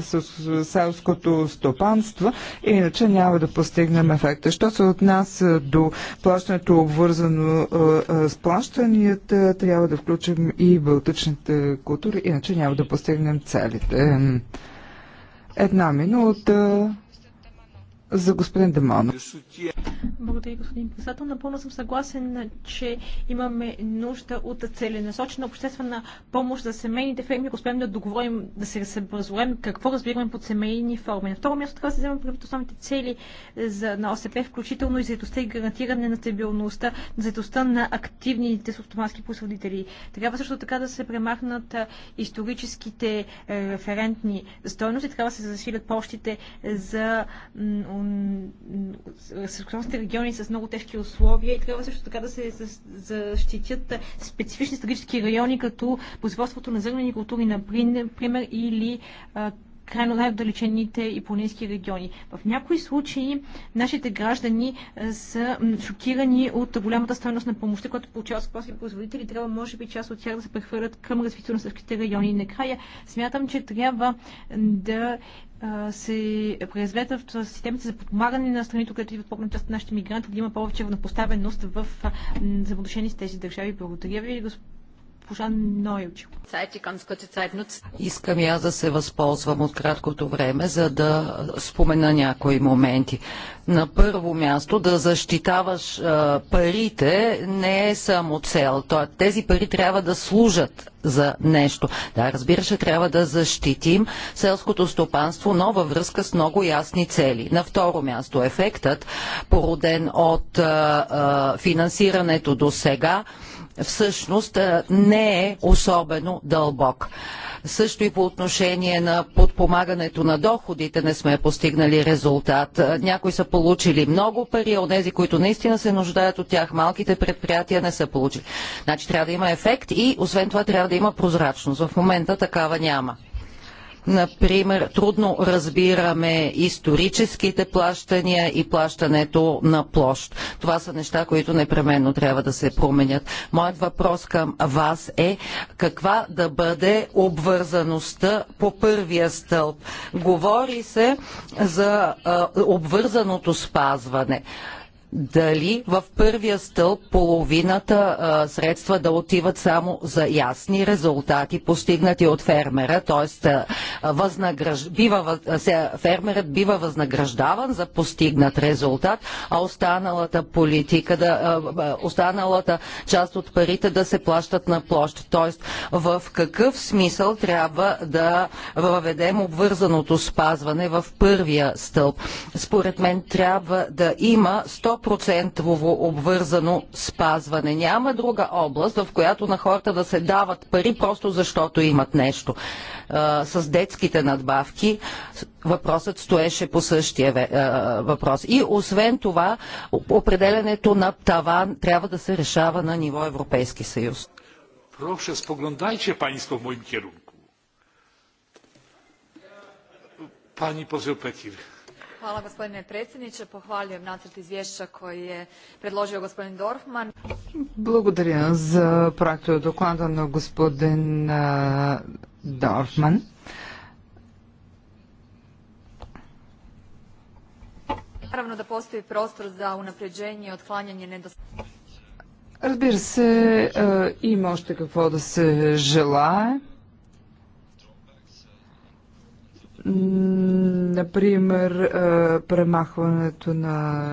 с, селското стопанство, иначе няма да постигнем ефекта. Що се отнася до плащането обвързано а, а, с плащанията, трябва да включим и балтичните култури, иначе няма да постигнем целите. Една минута за господин Демонов. Благодаря, господин председател. Напълно съм съгласен, че имаме нужда от целенасочена обществена помощ за семейните ферми, ако успеем да договорим, да се съобразуем какво разбираме под семейни форми. На второ място трябва да се вземем предвид основните цели за, на ОСП, включително и заедостта и гарантиране на стабилността, заедостта на активните сухтомански производители. Трябва също така да се премахнат историческите референтни стойности, трябва да се засилят пощите за селскостопанските региони с много тежки условия и трябва също така да се защитят специфични стратегически райони, като производството на зърнени култури, например, или крайно най отдалечените и планински региони. В някои случаи нашите граждани са шокирани от голямата стоеност на помощта, която получават скопски производители. Трябва, може би, част от тях да се прехвърлят към развитието на същите райони. И накрая смятам, че трябва да се произведат в системите за подпомагане на страните, където идват по част от нашите мигранти, да има повече равнопоставеност в взаимоотношения с тези държави. Благодаря ви, господин госпожа Нойович. Искам я да се възползвам от краткото време, за да спомена някои моменти. На първо място да защитаваш а, парите не е само цел. Тоест, тези пари трябва да служат за нещо. Да, разбира се, трябва да защитим селското стопанство, но във връзка с много ясни цели. На второ място ефектът, породен от а, а, финансирането до сега, всъщност не е особено дълбок. Също и по отношение на подпомагането на доходите не сме постигнали резултат. Някои са получили много пари, а тези, които наистина се нуждаят от тях, малките предприятия не са получили. Значи трябва да има ефект и освен това трябва да има прозрачност. В момента такава няма. Например, трудно разбираме историческите плащания и плащането на площ. Това са неща, които непременно трябва да се променят. Моят въпрос към вас е каква да бъде обвързаността по първия стълб. Говори се за а, обвързаното спазване дали в първия стълб половината а, средства да отиват само за ясни резултати, постигнати от фермера, т.е. Възнагръж... Бива, фермерът бива възнаграждаван за постигнат резултат, а останалата политика, да, а, останалата част от парите да се плащат на площ. Т.е. в какъв смисъл трябва да въведем обвързаното спазване в първия стълб? Според мен трябва да има 100 100% обвързано спазване. Няма друга област, в която на хората да се дават пари, просто защото имат нещо. С детските надбавки въпросът стоеше по същия въпрос. И освен това, определенето на таван трябва да се решава на ниво Европейски съюз. Proszę, spoglądajcie Państwo в моим керунку. Пани позел Petir. Hvala gospodine predsjedniče. Pohvaljujem nacrt izvješća koji je predložio gospodin Dorfman. Благодаря за проекта доклада на господин Дорфман. Naravno da postoji prostor za unapređenje i otklanjanje nedostataka. Разбира се, има още какво да се желае. Например, премахването на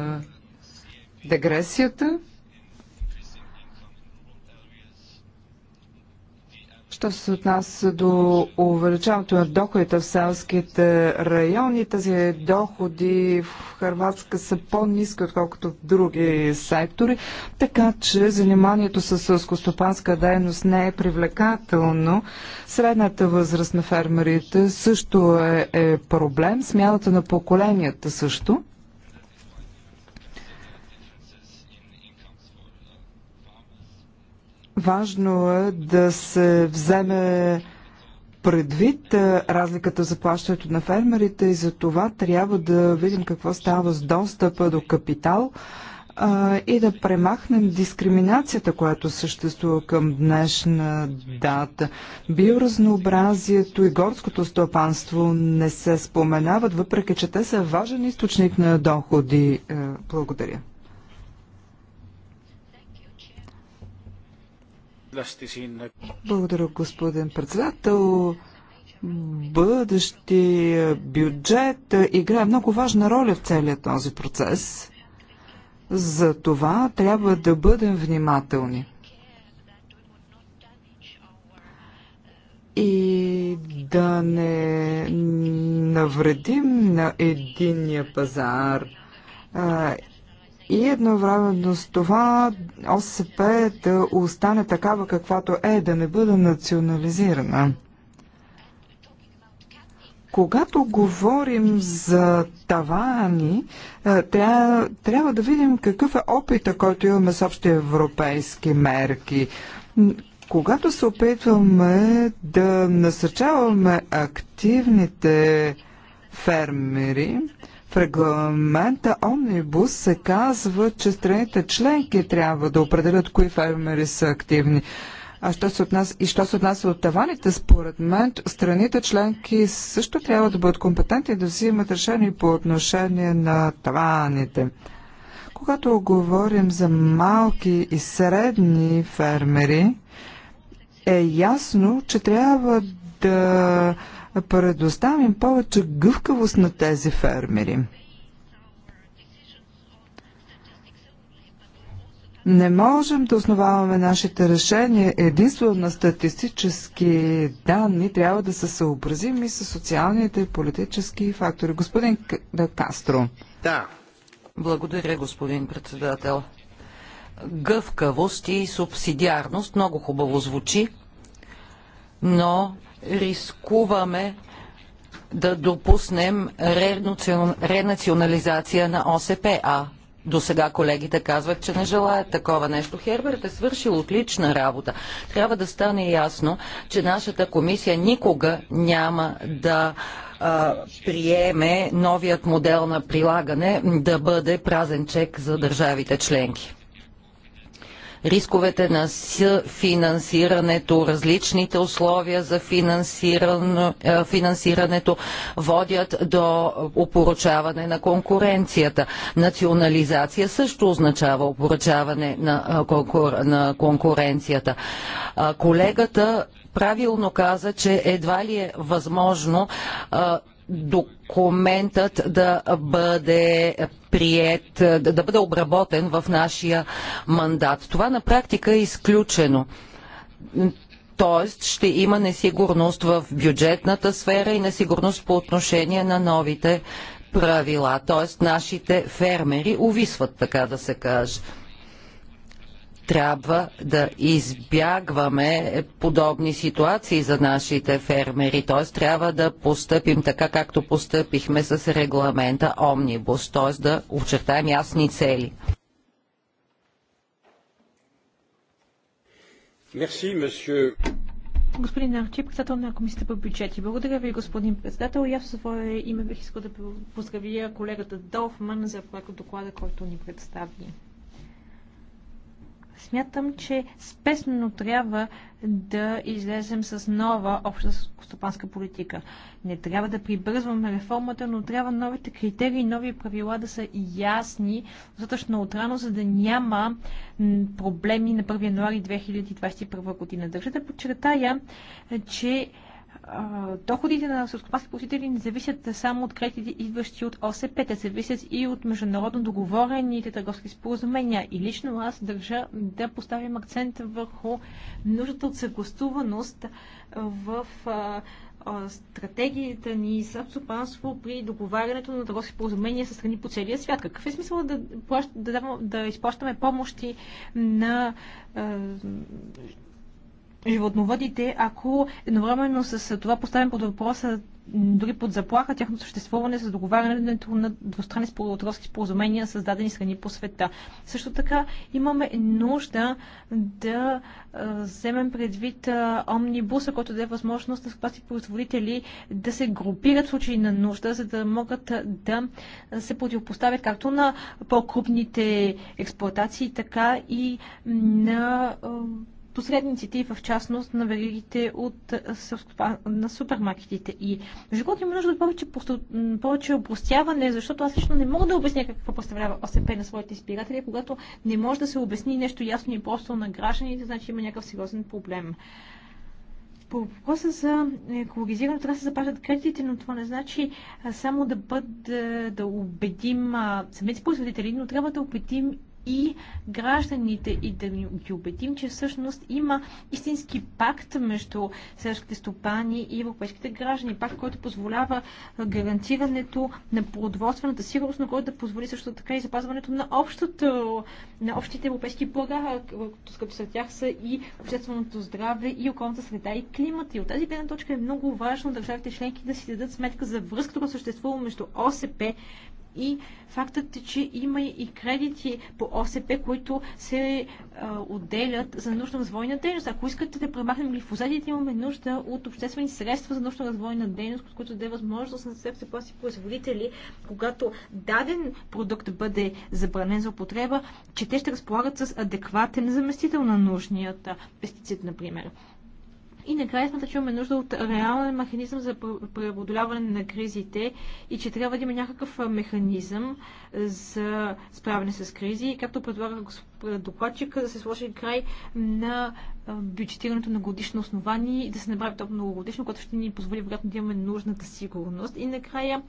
дегресията. Що се отнася до увеличаването на доходите в селските райони, тези доходи в Харватска са по-низки, отколкото в други сектори, така че заниманието с селскостопанска дейност не е привлекателно. Средната възраст на фермерите също е, е проблем, смяната на поколенията също. Важно е да се вземе предвид е, разликата за плащането на фермерите и за това трябва да видим какво става с достъпа до капитал е, и да премахнем дискриминацията, която съществува към днешна дата. Биоразнообразието и горското стопанство не се споменават, въпреки че те са важен източник на доходи. Е, благодаря. Благодаря, господин председател. Бъдещия бюджет играе много важна роля в целия този процес. За това трябва да бъдем внимателни. И да не навредим на единния пазар – и едновременно с това ОСП да остане такава каквато е, да не бъде национализирана. Когато говорим за тавани, е, трябва, трябва да видим какъв е опита, който имаме с общи европейски мерки. Когато се опитваме да насърчаваме активните фермери, в регламента Омнибус се казва, че страните членки трябва да определят кои фермери са активни. А що се отнася, и що се отнася от таваните, според мен, страните членки също трябва да бъдат компетентни да взимат решение по отношение на таваните. Когато говорим за малки и средни фермери, е ясно, че трябва да предоставим повече гъвкавост на тези фермери. Не можем да основаваме нашите решения единствено на статистически данни. Трябва да се съобразим и с социалните и политически фактори. Господин Кастро. Да. Благодаря, господин председател. Гъвкавост и субсидиарност много хубаво звучи, но рискуваме да допуснем ренационализация на ОСП, а до сега колегите казват, че не желаят такова нещо. Херберт е свършил отлична работа. Трябва да стане ясно, че нашата комисия никога няма да а, приеме новият модел на прилагане да бъде празен чек за държавите членки рисковете на финансирането, различните условия за е, финансирането водят до опоручаване на конкуренцията. Национализация също означава опоручаване е, на, конкуренцията. Колегата правилно каза, че едва ли е възможно документът да бъде прият, да бъде обработен в нашия мандат. Това на практика е изключено. Тоест ще има несигурност в бюджетната сфера и несигурност по отношение на новите правила. Тоест нашите фермери увисват, така да се каже трябва да избягваме подобни ситуации за нашите фермери. Т.е. трябва да постъпим така, както постъпихме с регламента Омнибус, т.е. да очертаем ясни цели. Мерси, месье. Господин Нарчи, председател на Комисията по бюджети. Благодаря ви, господин председател. И аз в свое име бих искал да поздравя колегата Долфман за проект доклада, който ни представи. Смятам, че спесно трябва да излезем с нова обща стопанска политика. Не трябва да прибързваме реформата, но трябва новите критерии, нови правила да са ясни, достатъчно отрано, за да няма проблеми на 1 януари 2021 година. Държа да подчертая, че доходите на селскопанските посетители не зависят само от кредитите, идващи от ОСП, те зависят и от международно договорените търговски споразумения. И лично аз държа да поставим акцент върху нуждата от съгласуваност в стратегията ни за при договарянето на търговски споразумения с страни по целия свят. Какъв е смисъл да, да, да, да изплащаме помощи на животновъдите, ако едновременно с това поставим под въпроса дори под заплаха тяхното съществуване с договарянето на двустранни търговски споразумения с дадени страни по света. Също така имаме нужда да вземем предвид омнибуса, който да е възможност на спаси производители да се групират в случай на нужда, за да могат да се противопоставят както на по-крупните експлуатации, така и на посредниците и в частност на веригите от, на супермаркетите. И между другото има нужда от повече, повече обростяване, защото аз лично не мога да обясня какво представлява ОСП на своите избиратели, когато не може да се обясни нещо ясно и просто на гражданите, значи има някакъв сериозен проблем. По въпроса за екологизирането трябва да се запазят кредитите, но това не значи само да бъд, да убедим самите производители, но трябва да убедим и гражданите и да ги убедим, че всъщност има истински пакт между селските стопани и европейските граждани. Пакт, който позволява гарантирането на продоволствената сигурност, но който да позволи също така и запазването на, общото, на общите европейски блага, като сред тях са и общественото здраве, и околната среда, и климата. И от тази гледна точка е много важно държавите членки да си дадат сметка за връзката, която съществува между ОСП и фактът е, че има и кредити по ОСП, които се а, отделят за нужна развойна дейност. Ако искате да премахнем глифозатите, имаме нужда от обществени средства за научно-развойна дейност, с които да е възможност на себе си производители, когато даден продукт бъде забранен за употреба, че те ще разполагат с адекватен заместител на нужният пестицид, например. И накрая сме че имаме нужда от реален механизъм за преодоляване на кризите и че трябва да има някакъв механизъм за справяне с кризи. Както предлага докладчика да се сложи край на бюджетирането на годишно основание и да се направи толкова годишно, което ще ни позволи вероятно да имаме нужната сигурност. И накрая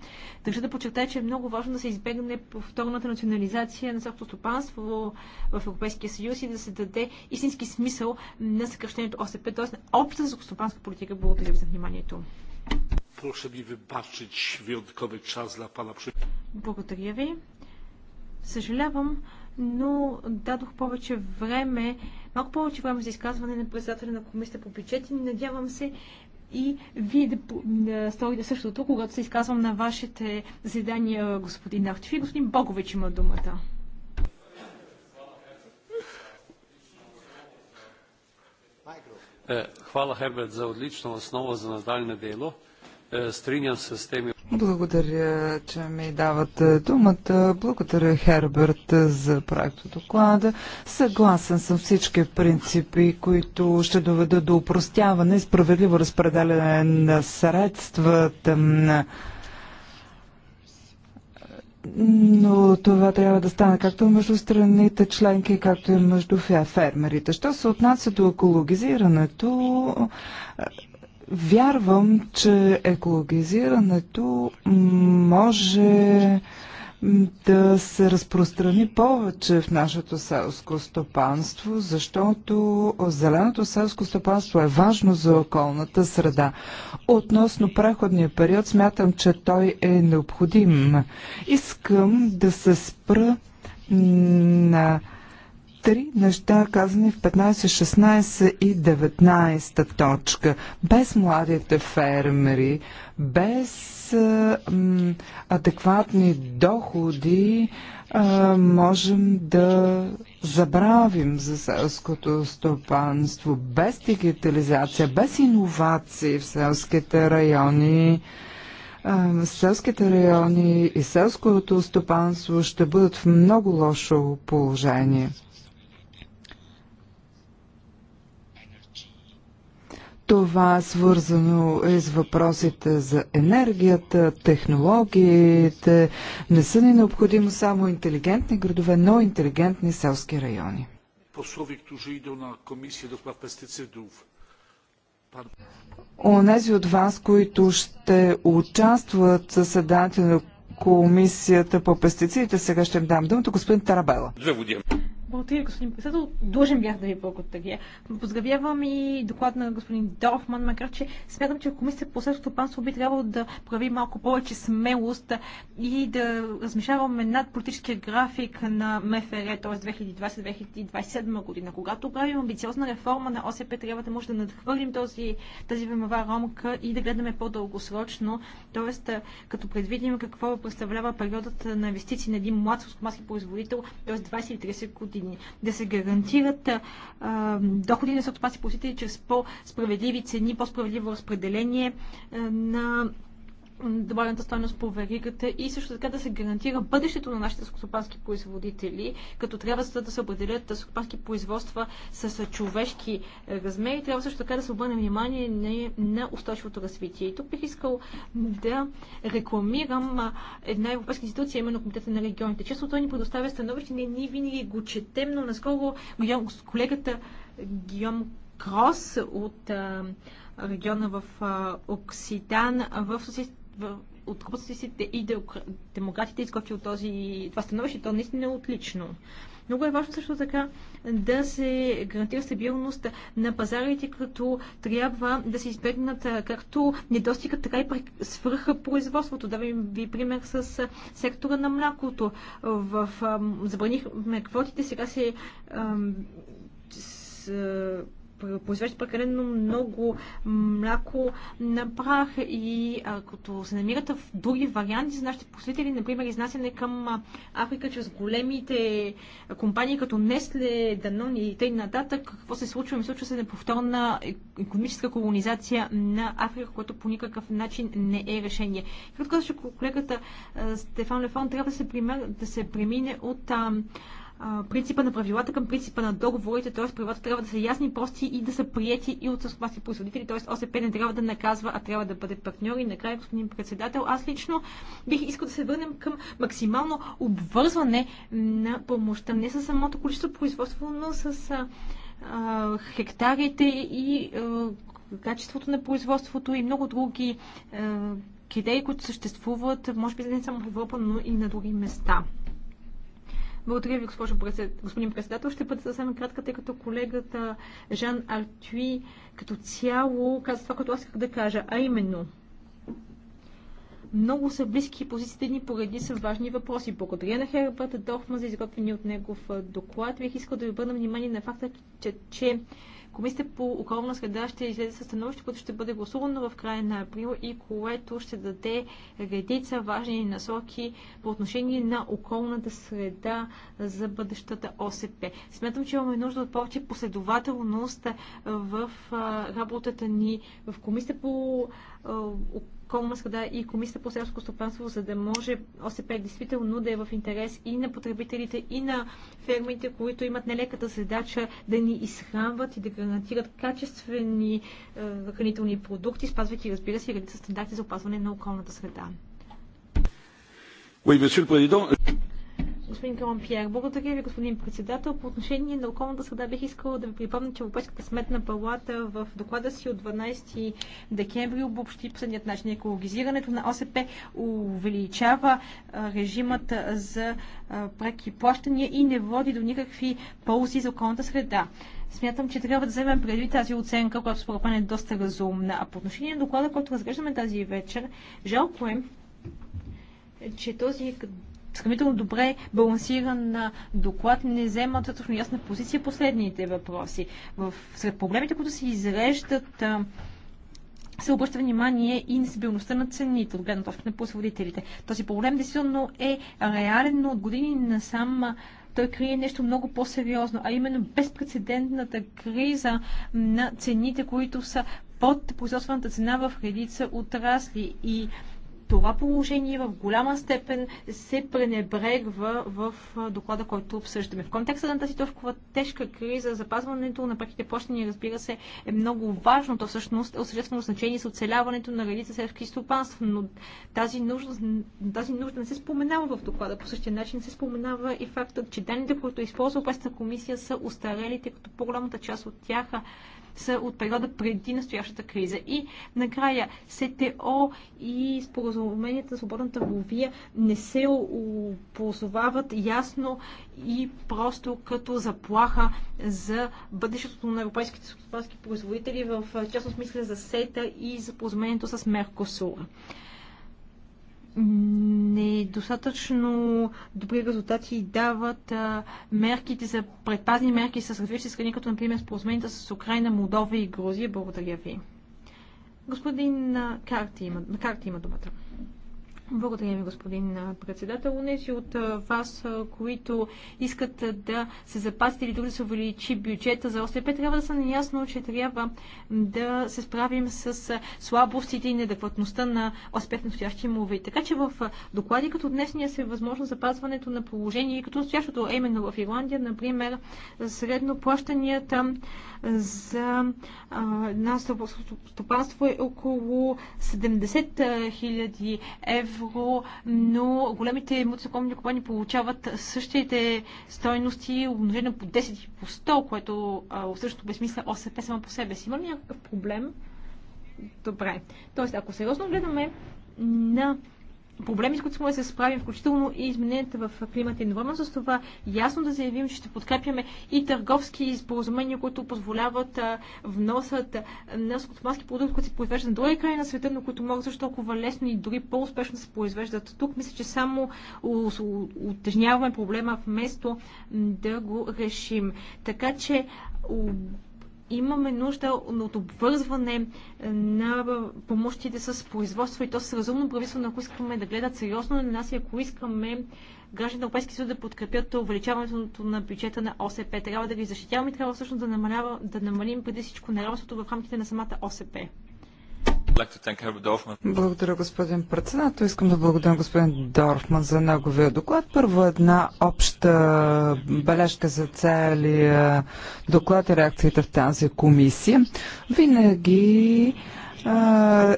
държа да подчертая, че е много важно да се избегне повторната национализация на селското стопанство в Европейския съюз и да се даде истински смисъл на съкръщението ОСП, т.е. на общата стопанска политика. Благодаря ви за вниманието. Proszę mi wybaczyć wyjątkowy czas dla pana Благодаря ви. Съжалявам, но дадох повече време, малко повече време за изказване на председателя на комисията по бюджет и надявам се и вие да, да сторите същото, когато се изказвам на вашите заседания, господин Нартов и господин Богович има думата. Е, хвала, Херберт, за отлична основа за надалене дело. Strinjam е, се с теми. Благодаря, че ми давате думата. Благодаря, Херберт, за проекта доклада. Съгласен съм всички принципи, които ще доведат до упростяване и справедливо разпределяне на средствата. Но това трябва да стане както между страните членки, както и между фермерите. Що се отнася до екологизирането, Вярвам, че екологизирането може да се разпространи повече в нашето селско стопанство, защото зеленото селско стопанство е важно за околната среда. Относно преходния период, смятам, че той е необходим. Искам да се спра на три неща, казани в 15, 16 и 19 точка. Без младите фермери, без а, м, адекватни доходи, а, можем да забравим за селското стопанство. Без дигитализация, без иновации в селските райони, селските райони и селското стопанство ще бъдат в много лошо положение. Това е свързано е с въпросите за енергията, технологиите. Не са ни необходимо само интелигентни градове, но интелигентни селски райони. Пословик, които идват на комисия доклад пестицидов, Онези от вас, които ще участват в заседанието на комисията по пестицидите, сега ще им дам думата господин Тарабела. Благодаря, господин председател. Дължен бях да ви благодаря. Поздравявам и доклад на господин Дорфман, макар че смятам, че комисията по селското стопанство би трябвало да прави малко повече смелост и да размишляваме над политическия график на МФР, т.е. 2020-2027 година. Когато правим амбициозна реформа на ОСП, трябва да може да надхвърлим този, тази времева ромка и да гледаме по-дългосрочно, т.е. като предвидим какво представлява периодът на инвестиции на един млад сълскомански производител, т.е. 20-30 години години, да се гарантират а, доходи на съотопаси посетители чрез по-справедливи цени, по-справедливо разпределение а, на добавената стойност по веригата и също така да се гарантира бъдещето на нашите скопански производители, като трябва да се определят скопански производства с човешки е, размери. Трябва също така да се обърне внимание на устойчивото развитие. И тук бих искал да рекламирам една европейска институция, именно Комитета на регионите. Често той ни предоставя становище, ние, ни винаги го четем, но наскоро колегата Гиом Крос от региона в Оксидан в от групата си и демократите изготвил този, това становище, то наистина е отлично. Много е важно също така да се гарантира стабилност на пазарите, като трябва да се избегнат както недостига, така и свърха производството. Да ви пример с сектора на млякото. В, забранихме квотите, сега се с, произвежда прекалено много мляко на прах и като се намират в други варианти за нашите посетители, например изнасяне към Африка чрез големите компании като Несле Данон и т.н. какво се случва? Ми случва се неповторна економическа колонизация на Африка, което по никакъв начин не е решение. Както казваше колегата Стефан Лефон, трябва да се, да се премине от принципа на правилата към принципа на договорите, т.е. правилата трябва да са ясни, прости и да са прияти и от съсмасти производители, т.е. ОСП не трябва да наказва, а трябва да бъде партньор. И накрая, господин председател, аз лично бих искал да се върнем към максимално обвързване на помощта. Не с самото количество производство, но с а, а, хектарите и а, качеството на производството и много други а, критерии, които съществуват, може би не само в Европа, но и на други места. Благодаря ви, госпожо председ... господин председател. Ще бъде съвсем кратка, тъй като колегата Жан Артюи като цяло каза това, което аз исках да кажа, а именно много са близки позициите ни поради с важни въпроси. Благодаря на Хербърт Дохма за изготвени от негов доклад. Бих искал да ви обърна внимание на факта, че, че Комисията по околна среда ще излезе със становище, което ще бъде гласувано в края на април и което ще даде редица важни насоки по отношение на околната среда за бъдещата ОСП. Смятам, че имаме нужда от повече последователност в работата ни в Комисията по околна среда и Комисията по селско стопанство, за да може ОСП действително да е в интерес и на потребителите, и на фермите, които имат нелеката задача да ни изхранват и да гарантират качествени е, хранителни продукти, спазвайки, разбира се, редица стандарти за опазване на околната среда. Oui, господин Карон Пьер. Благодаря ви, господин председател. По отношение на околната среда бих искала да ви припомня, че Европейската сметна палата в доклада си от 12 декември обобщи последният начин. на Екологизирането на ОСП увеличава режимът за преки плащания и не води до никакви ползи за околната среда. Смятам, че трябва да вземем преди тази оценка, която според мен е доста разумна. А по отношение на доклада, който разглеждаме тази вечер, жалко е, че този сравнително добре балансиран доклад не взема достатъчно ясна позиция последните въпроси. В, сред проблемите, които се изреждат, се обръща внимание и нестабилността на цените от гледна точка на производителите. Този проблем действително е реален, но от години насам той крие нещо много по-сериозно, а именно безпредседентната криза на цените, които са под производствената цена в редица отрасли. И това положение в голяма степен се пренебрегва в доклада, който обсъждаме. В контекста на тази толкова тежка криза, запазването на преките плащания, разбира се, е много важно. То всъщност е осъществено значение с оцеляването на редица селски стопанства, но тази нужда, тази нужда не се споменава в доклада. По същия начин се споменава и фактът, че данните, които е използва Пресната комисия, са устарели, като по-голямата част от тях са от периода преди настоящата криза. И накрая СТО и споразуменията за свободна търговия не се позовават ясно и просто като заплаха за бъдещето на европейските стопански производители, в частност мисля за СЕТА и за споразумението с Меркосура недостатъчно добри резултати дават а, мерките за предпазни мерки с развиващи страни, като например споразуменията с Украина, Молдова и Грузия. Благодаря ви. Господин Карти има, Карти има думата. Благодаря ви, господин председател. Унеси от вас, които искат да се запазят или дори да се увеличи бюджета за ОСП, трябва да са наясно, че трябва да се справим с слабостите и недъкватността на ОСП в настоящи мови. Така че в доклади като днес ние се е възможно запазването на положение, като настоящото е именно в Ирландия, например, средно плащанията за нас стопанство е около 70 000 евро евро, но големите мутсокомни компании получават същите стойности, умножено по 10 и по 100, което всъщност безмисля ОСП само по себе си. Има ли някакъв проблем? Добре. Тоест, ако сериозно гледаме на проблеми, с които сме да се справим, включително и измененията в климата. Едновременно с това ясно да заявим, че ще подкрепяме и търговски споразумения, които позволяват вносът на скотомански продукти, които се произвеждат на другия край на света, но които могат също толкова лесно и дори по-успешно да се произвеждат тук. Мисля, че само утежняваме проблема вместо да го решим. Така че имаме нужда от обвързване на помощите с производство и то с разумно правителство, ако искаме да гледат сериозно на нас и ако искаме гражданите на Европейския съюз да подкрепят увеличаването на бюджета на ОСП. Трябва да ги защитяваме и трябва всъщност да, намалява, да намалим преди всичко неравенството в рамките на самата ОСП. Благодаря, господин председател. Искам да благодаря господин Дорфман за неговия доклад. Първо една обща бележка за целия доклад и реакциите в тази комисия. Винаги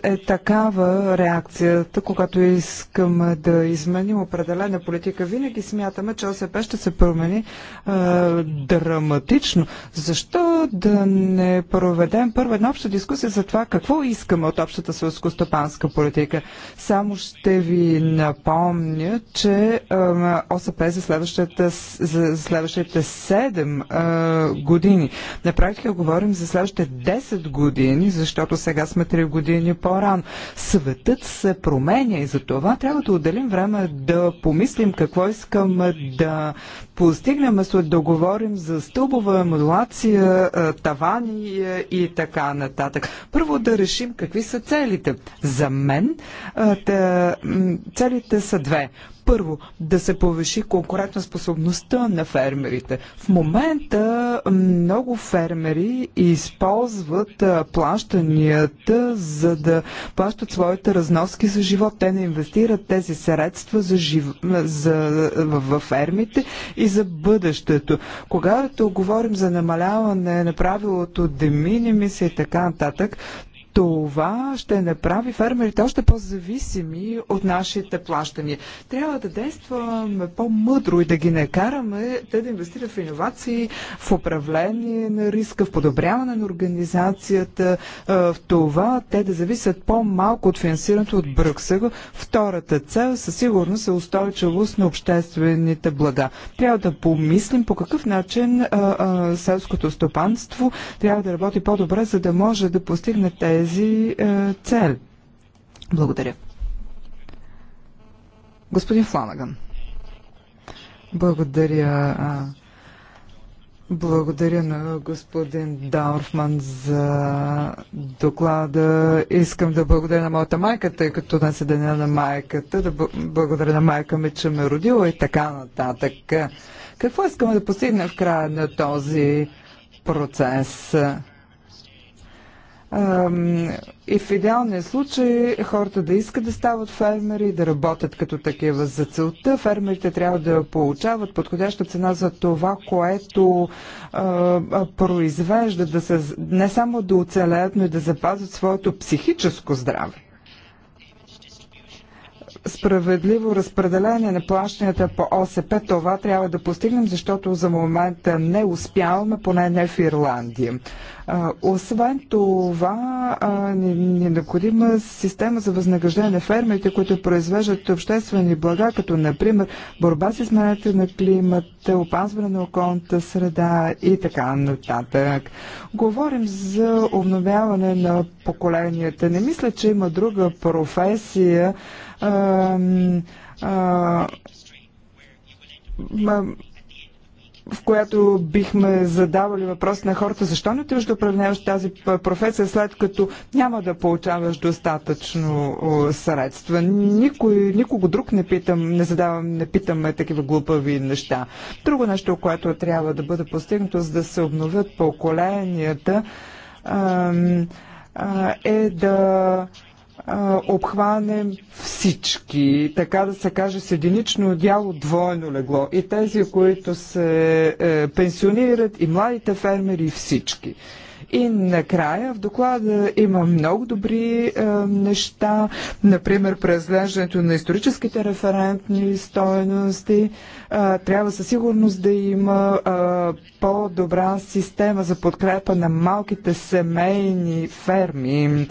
е такава реакцията, когато искам да изменим определена политика. Винаги смятаме, че ОСП ще се промени а, драматично. Защо да не проведем първо една обща дискусия за това какво искаме от общата селскостопанска политика? Само ще ви напомня, че а, ОСП за, следващите, за следващите 7 а, години. На практика говорим за следващите 10 години, защото сега сме 3 години по-рано. Светът се променя и за това трябва да отделим време да помислим какво искаме да постигнем, след да говорим за стълбова модулация, тавани и така нататък. Първо да решим какви са целите. За мен целите са две. Първо, да се повиши конкурентоспособността на фермерите. В момента много фермери използват плащанията, за да плащат своите разноски за живот. Те не инвестират тези средства за жив... за... в фермите и за бъдещето. Когато говорим за намаляване на правилото деминимис и така нататък, това ще направи фермерите още по-зависими от нашите плащания. Трябва да действаме по-мъдро и да ги накараме те да инвестират в иновации, в управление на риска, в подобряване на организацията, в това те да зависят по-малко от финансирането от Брюксел. Втората цел със сигурност е устойчивост на обществените блага. Трябва да помислим по какъв начин селското стопанство трябва да работи по-добре, за да може да постигне тези тези е, цели. Благодаря. Господин Фланаган. Благодаря. А, благодаря на господин Даурфман за доклада. Искам да благодаря на моята майка, тъй като днес е деня на майката, да благодаря на майка ми, че ме родила и така нататък. Какво искаме да постигнем в края на този процес? И в идеалния случай хората да искат да стават фермери, да работят като такива. За целта фермерите трябва да получават подходяща цена за това, което произвежда, да се, не само да оцелеят, но и да запазят своето психическо здраве справедливо разпределение на плащанията по ОСП, това трябва да постигнем, защото за момента не успяваме, поне не в Ирландия. Освен това, е необходима система за възнаграждение на фермерите, които произвеждат обществени блага, като например борба с изменението на климата, опазване на околната среда и така нататък. Говорим за обновяване на поколенията. Не мисля, че има друга професия. А, а, в която бихме задавали въпрос на хората, защо не тръгваш да управляваш тази професия, след като няма да получаваш достатъчно средства. Никой, никого друг не питам, не задавам, не питаме такива глупави неща. Друго нещо, което трябва да бъде постигнато, за да се обновят поколенията, е да обхванем всички, така да се каже, с единично дяло двойно легло. И тези, които се е, пенсионират, и младите фермери, и всички. И накрая в доклада има много добри е, неща, например преразглеждането на историческите референтни стоености. Е, трябва със сигурност да има е, по-добра система за подкрепа на малките семейни ферми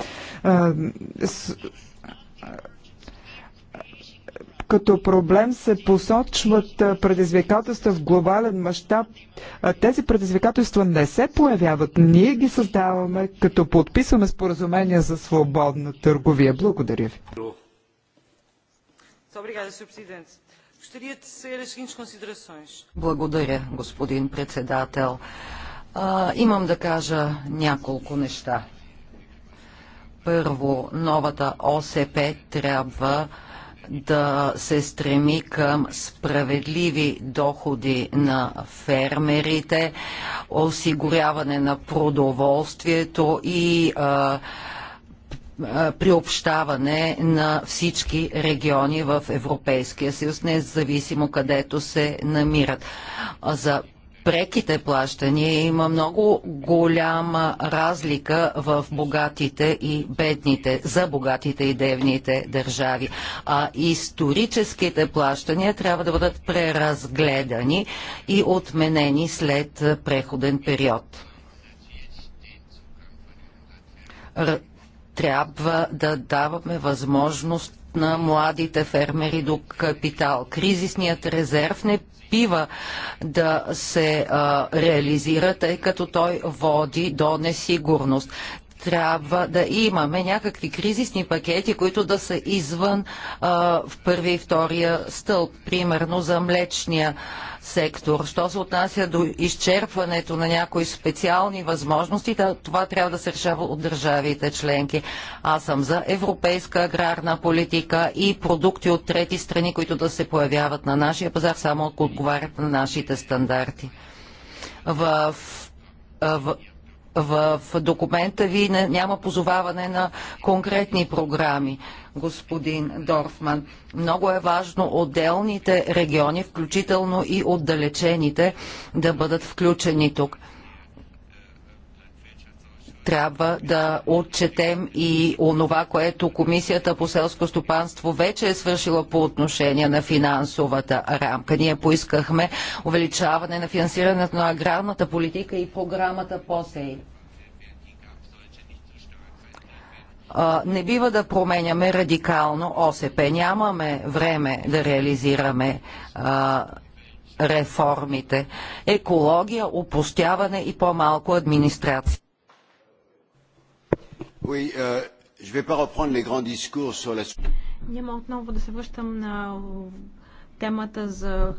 като проблем се посочват предизвикателства в глобален мащаб. Тези предизвикателства не се появяват. Ние ги създаваме, като подписваме споразумения за свободна търговия. Благодаря ви. Благодаря, господин председател. А, имам да кажа няколко неща. Първо, новата ОСП трябва да се стреми към справедливи доходи на фермерите, осигуряване на продоволствието и а, приобщаване на всички региони в Европейския съюз, независимо където се намират. За преките плащания има много голяма разлика в богатите и бедните, за богатите и древните държави. А историческите плащания трябва да бъдат преразгледани и отменени след преходен период трябва да даваме възможност на младите фермери до капитал. Кризисният резерв не бива да се а, реализира, тъй като той води до несигурност трябва да имаме някакви кризисни пакети, които да са извън а, в първи и втория стълб, примерно за млечния сектор. Що се отнася до изчерпването на някои специални възможности, това трябва да се решава от държавите членки. Аз съм за европейска аграрна политика и продукти от трети страни, които да се появяват на нашия пазар, само ако отговарят на нашите стандарти. В, в в документа ви няма позоваване на конкретни програми, господин Дорфман. Много е важно отделните региони, включително и отдалечените, да бъдат включени тук трябва да отчетем и онова, което Комисията по селско стопанство вече е свършила по отношение на финансовата рамка. Ние поискахме увеличаване на финансирането на аграрната политика и програмата ПОСЕИ. не бива да променяме радикално ОСП. Нямаме време да реализираме реформите. Екология, опустяване и по-малко администрация. Oui, euh, je vais pas reprendre les grands discours sur la... Няма отново да се връщам на темата за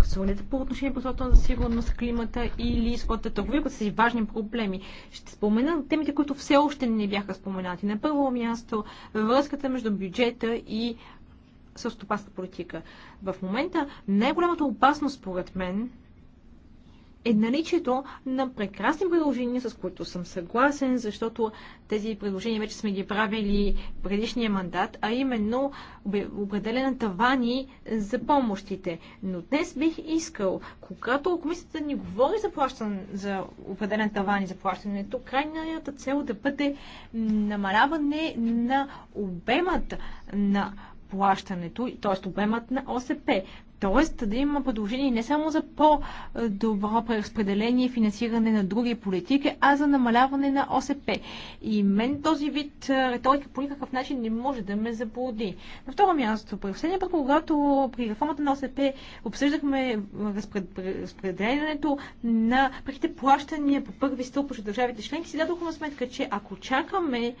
хранителите по отношение посолството за сигурност, климата или своята търговия, които са си важни проблеми. Ще спомена темите, които все още не бяха споменати. На първо място връзката между бюджета и съвстопасна политика. В момента най-голямата опасност, според мен, е наличието на прекрасни предложения, с които съм съгласен, защото тези предложения вече сме ги правили предишния мандат, а именно определена тавани за помощите. Но днес бих искал, когато комисията ни говори за, плащане за определен тавани за плащането, крайната цел да бъде намаляване на обемът на плащането, т.е. обемът на ОСП. Тоест да има предложение не само за по-добро преразпределение и финансиране на други политики, а за намаляване на ОСП. И мен този вид риторика по никакъв начин не може да ме заблуди. На второ място, при последния път, когато при реформата на ОСП обсъждахме разпределението на преките плащания по първи стълб от държавите членки, си дадохме сметка, че ако чакаме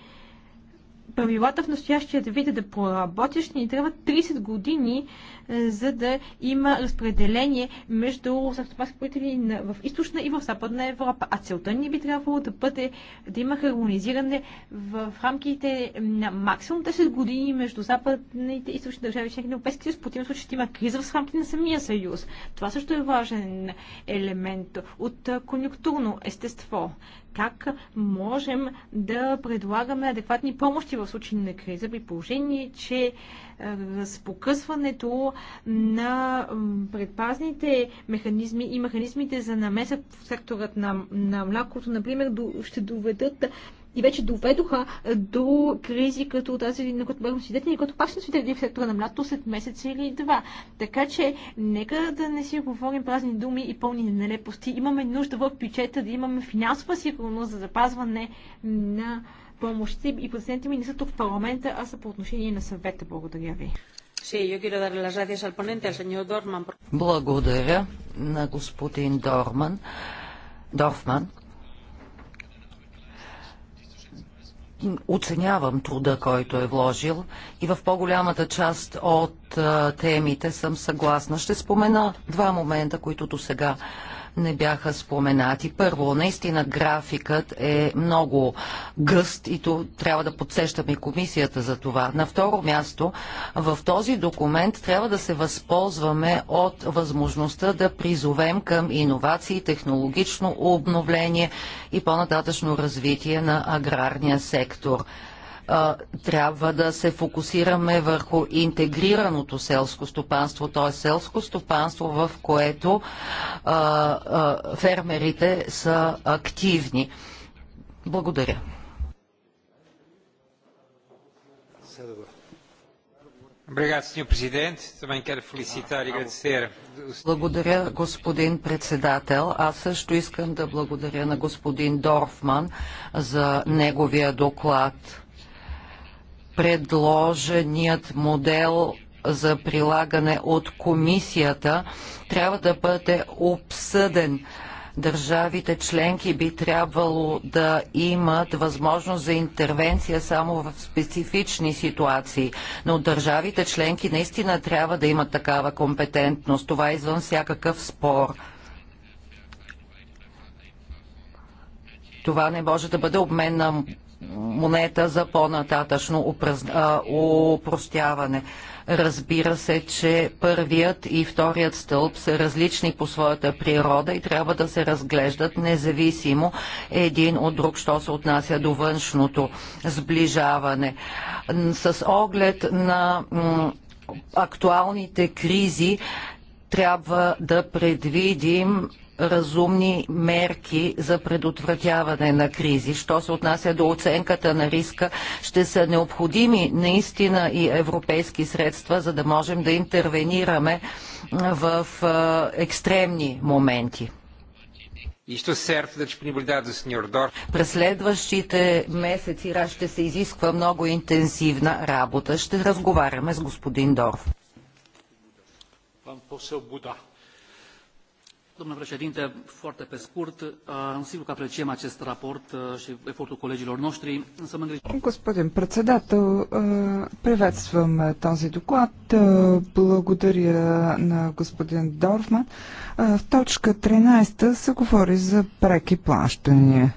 правилата в настоящия вид е да проработиш, ни трябва 30 години, е, за да има разпределение между селскостопански производители в източна и в западна Европа. А целта ни би трябвало да бъде да има хармонизиране в рамките на максимум 10 години между западните и източни държави, членки на Европейския съюз. По този случай ще има криза в рамките на самия съюз. Това също е важен елемент от е, конъюнктурно естество как можем да предлагаме адекватни помощи в случай на криза, при положение, че е, разпокъсването на предпазните механизми и механизмите за намеса в секторът на, на млякото, например, ще доведат и вече доведоха до кризи като тази, на която бъдем свидетели, като пак ще свидетели в сектора на млято след месец или два. Така че, нека да не си говорим празни думи и пълни нелепости. Имаме нужда в бюджета да имаме финансова сигурност за запазване на помощите и пациентите ми не са тук в парламента, а са по отношение на съвета. Благодаря ви. Благодаря на господин Дорман. Дорфман. оценявам труда, който е вложил и в по-голямата част от темите съм съгласна. Ще спомена два момента, които до сега не бяха споменати. Първо, наистина графикът е много гъст и то трябва да подсещаме комисията за това. На второ място, в този документ трябва да се възползваме от възможността да призовем към иновации, технологично обновление и по-нататъчно развитие на аграрния сектор трябва да се фокусираме върху интегрираното селско стопанство, т.е. селско стопанство, в което а, а, фермерите са активни. Благодаря. E благодаря, господин председател. Аз също искам да благодаря на господин Дорфман за неговия доклад предложеният модел за прилагане от комисията трябва да бъде обсъден. Държавите членки би трябвало да имат възможност за интервенция само в специфични ситуации, но държавите членки наистина трябва да имат такава компетентност. Това е извън всякакъв спор. Това не може да бъде обмен на монета за по-нататъчно упростяване. Разбира се, че първият и вторият стълб са различни по своята природа и трябва да се разглеждат независимо един от друг, що се отнася до външното сближаване. С оглед на актуалните кризи трябва да предвидим разумни мерки за предотвратяване на кризи. Що се отнася до оценката на риска, ще са необходими наистина и европейски средства, за да можем да интервенираме в екстремни моменти. През следващите месеци ще се изисква много интенсивна работа. Ще разговаряме с господин Дорф. Пан посел Буда. Domnule președinte, foarte pe scurt, sigur că apreciem acest raport și efortul colegilor noștri, însă mă îngrijim. Господин председател, приветствам този доклад. Благодаря на господин Дорфман. В точка 13 се говори за преки плащания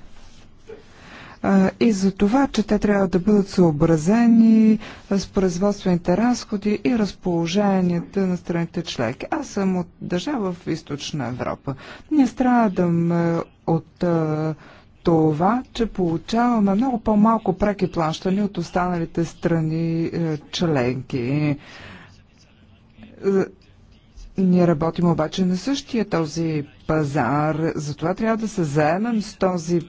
и за това, че те трябва да бъдат съобразени с производствените разходи и разположенията на страните членки. Аз съм от държава в Източна Европа. Ние страдаме от това, че получаваме много по-малко преки плащани от останалите страни членки. Ние работим обаче на същия този пазар, затова трябва да се заемем с този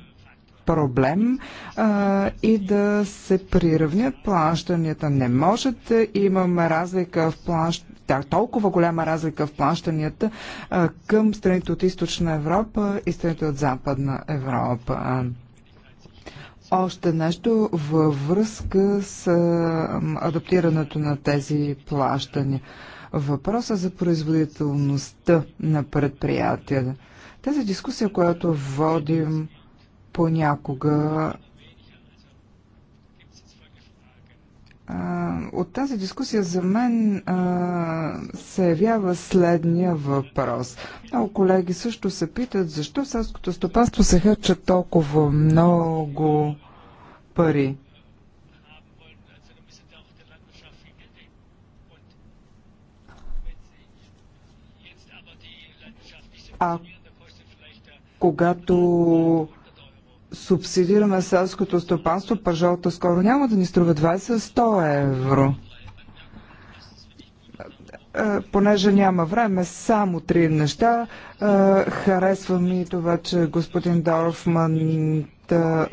проблем а, и да се приравнят плащанията. Не може да имаме разлика в плащ... да, толкова голяма разлика в плащанията а, към страните от източна Европа и страните от западна Европа. Още нещо във връзка с адаптирането на тези плащания. Въпроса за производителността на предприятията. Тази дискусия, която водим понякога от тази дискусия за мен а, се явява следния въпрос. Много колеги също се питат защо в селското стопанство се хърча толкова много пари. А когато субсидираме селското стопанство, пържолата скоро няма да ни струва 20-100 евро. Е, понеже няма време, само три неща. Е, харесва ми това, че господин Дорфман да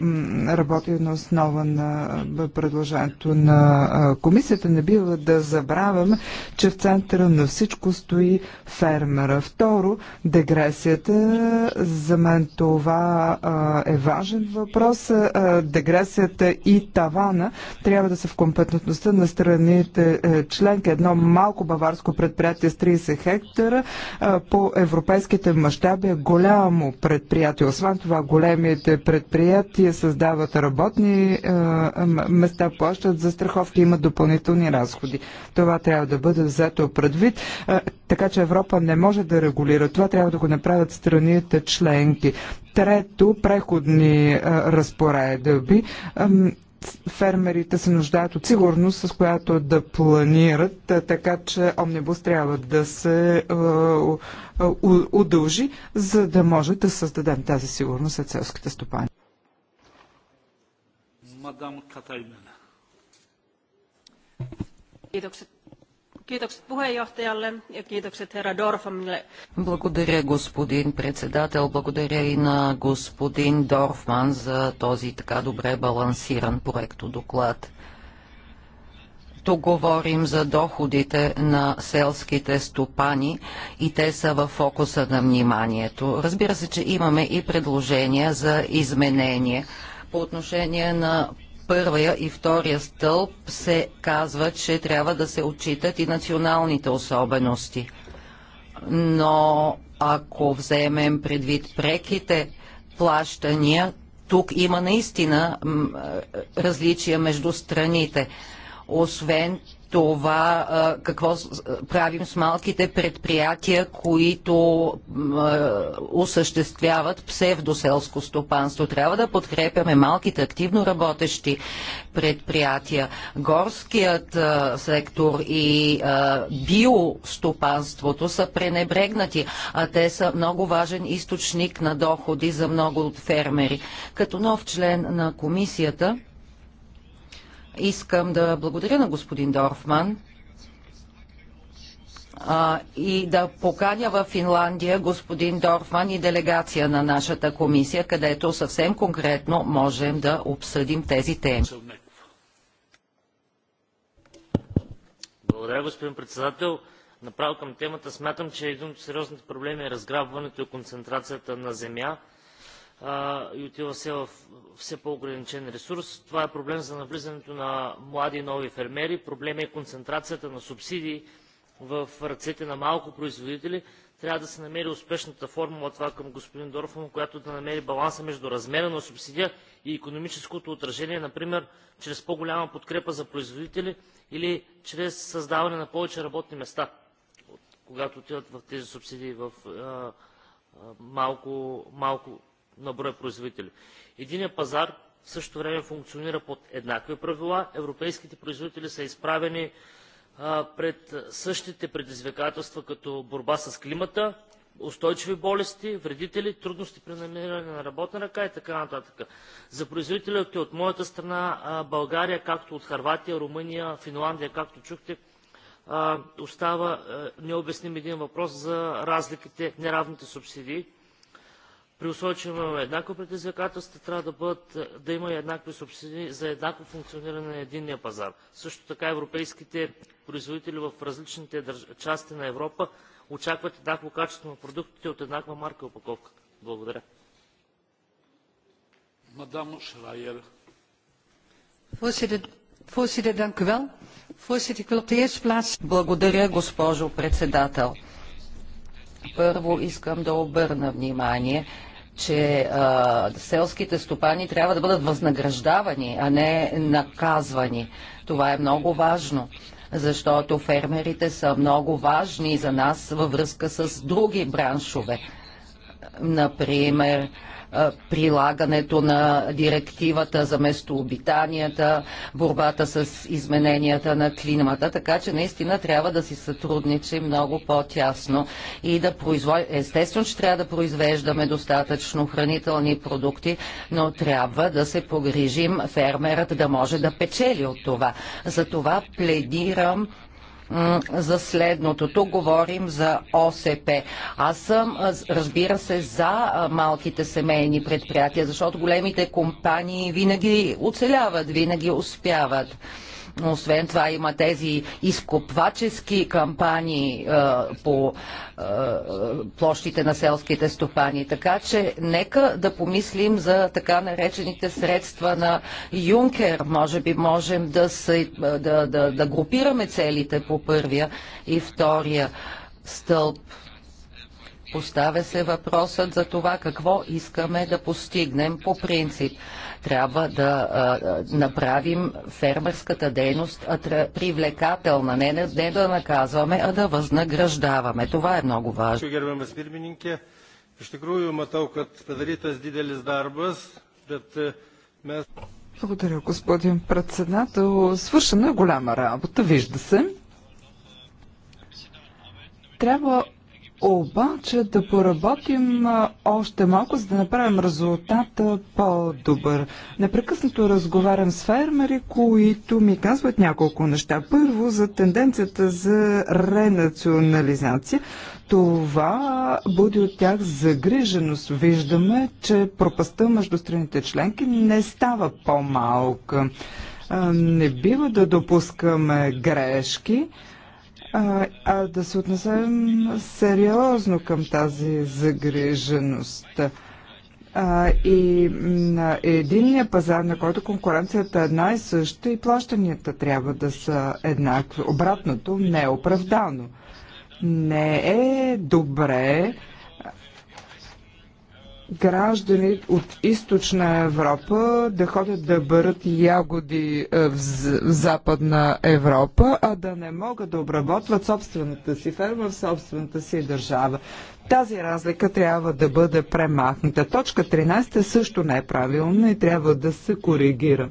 работи на основа на предложението на комисията. Не бива да забравяме, че в центъра на всичко стои фермера. Второ, дегресията. За мен това е важен въпрос. Дегресията и тавана трябва да са в компетентността на страните е, членки. Едно малко баварско предприятие с 30 хектара по европейските мащаби е голямо предприятие. Освен това, големите предприятия предприятия създават работни е, места, плащат за страховки, имат допълнителни разходи. Това трябва да бъде взето предвид, е, така че Европа не може да регулира. Това трябва да го направят страните членки. Трето, преходни е, разпоредби фермерите се нуждаят от сигурност, с която да планират, така че омнибус трябва да се удължи, за да може да създадем тази сигурност от селските стопани. Madame Katainen. Kiitokset Kiitokset puheenjohtajalle ja kiitokset herra Dorfmanille. Благодаря господин председател, благодаря и на господин Дорфман за този така добре балансиран проектодоклад. доклад. Тук говорим за доходите на селските стопани и те са в фокуса на вниманието. Разбира се, че имаме и предложения за изменение по отношение на първия и втория стълб се казва, че трябва да се отчитат и националните особености. Но ако вземем предвид преките плащания, тук има наистина различия между страните. Освен това, какво правим с малките предприятия, които осъществяват псевдоселско стопанство. Трябва да подкрепяме малките активно работещи предприятия. Горският сектор и биостопанството са пренебрегнати, а те са много важен източник на доходи за много от фермери. Като нов член на комисията, Искам да благодаря на господин Дорфман а, и да поканя в Финландия господин Дорфман и делегация на нашата комисия, където съвсем конкретно можем да обсъдим тези теми. Благодаря, господин председател. Направо към темата смятам, че един от сериозните проблеми е разграбването и концентрацията на земя и отива все в все по-ограничен ресурс. Това е проблем за навлизането на млади и нови фермери. Проблем е концентрацията на субсидии в ръцете на малко производители. Трябва да се намери успешната формула, това към господин Дорфман, която да намери баланса между размера на субсидия и економическото отражение, например, чрез по-голяма подкрепа за производители или чрез създаване на повече работни места, когато отиват в тези субсидии в малко, малко на брой производители. Единият пазар в същото време функционира под еднакви правила. Европейските производители са изправени а, пред същите предизвикателства, като борба с климата, устойчиви болести, вредители, трудности при намиране на работна ръка и така нататък. За производителите от моята страна а, България, както от Харватия, Румъния, Финландия, както чухте, а, остава необясним един въпрос за разликите, неравните субсидии при условие, че имаме еднакви предизвикателства, трябва да, бъдат, да има и еднакви субсидии за еднакво функциониране на единния пазар. Също така европейските производители в различните държ... части на Европа очакват еднакво качество на продуктите от еднаква марка и упаковка. Благодаря. Мадам Шрайер. Voorzitter, dank u wel. Voorzitter, ik wil op de eerste plaats... Благодаря, госпожо председател. Първо искам да обърна внимание, че а, селските стопани трябва да бъдат възнаграждавани, а не наказвани. Това е много важно, защото фермерите са много важни за нас във връзка с други браншове. Например, прилагането на директивата за местообитанията, борбата с измененията на климата, така че наистина трябва да си сътрудничим много по-тясно и да производ... естествено, че трябва да произвеждаме достатъчно хранителни продукти, но трябва да се погрижим фермерът да може да печели от това. За това пледирам за следното. Тук говорим за ОСП. Аз съм, разбира се, за малките семейни предприятия, защото големите компании винаги оцеляват, винаги успяват. Но освен това има тези изкопвачески кампании а, е, по а, е, площите на селските стопани. Така че нека да помислим за така наречените средства на Юнкер. Може би можем да, се, да, да, да групираме целите по първия и втория стълб. Поставя се въпросът за това какво искаме да постигнем по принцип. Трябва да направим фермерската дейност привлекателна. Не, не да наказваме, а да възнаграждаваме. Това е много важно. Благодаря, господин председател. Свършена е голяма работа, вижда се. Трябва обаче да поработим още малко, за да направим резултата по-добър. Непрекъснато разговарям с фермери, които ми казват няколко неща. Първо за тенденцията за ренационализация. Това буди от тях загриженост. Виждаме, че пропастта между страните членки не става по-малка. Не бива да допускаме грешки а, а да се отнесем сериозно към тази загриженост. А, и на единния пазар, на който конкуренцията е една и съща и плащанията трябва да са еднакви. Обратното не е оправдано. Не е добре граждани от източна Европа да ходят да бърят ягоди е, в западна Европа, а да не могат да обработват собствената си ферма в собствената си държава. Тази разлика трябва да бъде премахната. Точка 13 също не е правилна и трябва да се коригира.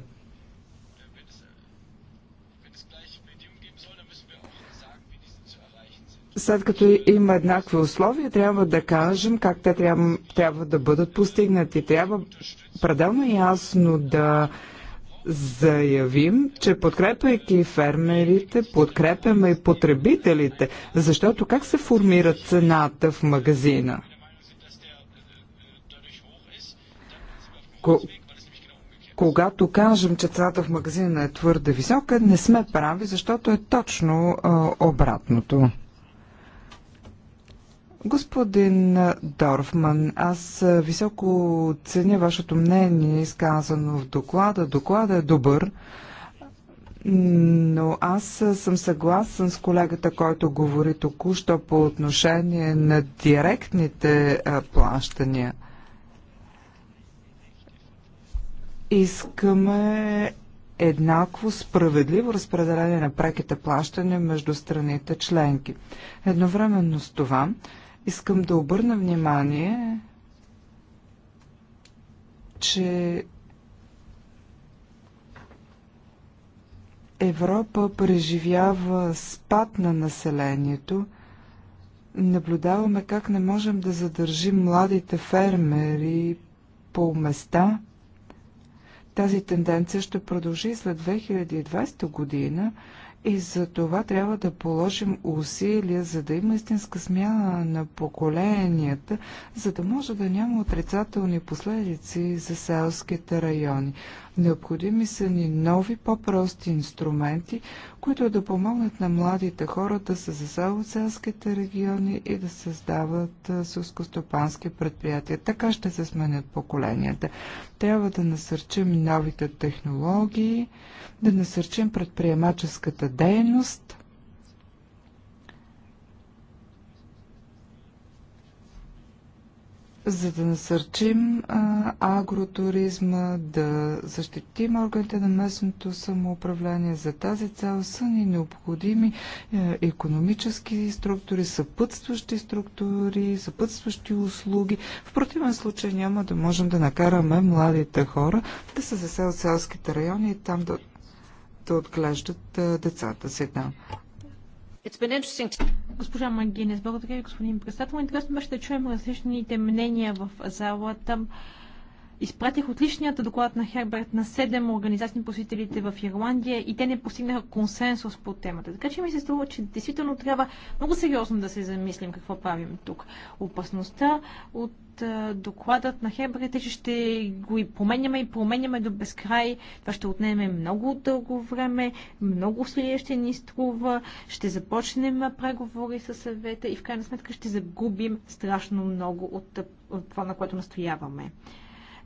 след като има еднакви условия, трябва да кажем как те трябва, трябва да бъдат постигнати. Трябва пределно ясно да заявим, че подкрепяйки фермерите, подкрепяме и потребителите, защото как се формира цената в магазина? Когато кажем, че цената в магазина е твърде висока, не сме прави, защото е точно а, обратното. Господин Дорфман, аз високо ценя вашето мнение, изказано в доклада. Доклада е добър, но аз съм съгласен с колегата, който говори току-що по отношение на директните плащания. Искаме еднакво справедливо разпределение на преките плащания между страните членки. Едновременно с това, Искам да обърна внимание, че Европа преживява спад на населението. Наблюдаваме как не можем да задържим младите фермери по места. Тази тенденция ще продължи след 2020 година и за това трябва да положим усилия, за да има истинска смяна на поколенията, за да може да няма отрицателни последици за селските райони. Необходими са ни нови, по-прости инструменти, които да помогнат на младите хора да се заселват в селските региони и да създават сълскостопански предприятия. Така ще се сменят поколенията. Трябва да насърчим новите технологии, да насърчим предприемаческата дейност – за да насърчим а, агротуризма, да защитим органите на местното самоуправление. За тази цел са ни необходими е, економически структури, съпътстващи структури, съпътстващи услуги. В противен случай няма да можем да накараме младите хора да се заселят селските райони и там да, да отглеждат а, е, децата си там. Да. Госпожа Магинес, благодаря ви, господин председател. Интересно беше да чуем различните мнения в залата изпратих отличният доклад на Херберт на седем организации посетителите в Ирландия и те не постигнаха консенсус по темата. Така че ми се струва, че действително трябва много сериозно да се замислим какво правим тук. Опасността от а, докладът на Херберт е, че ще го и променяме и променяме до безкрай. Това ще отнеме много дълго време, много усилия ще ни струва, ще започнем преговори с съвета и в крайна сметка ще загубим страшно много от, от това, на което настояваме.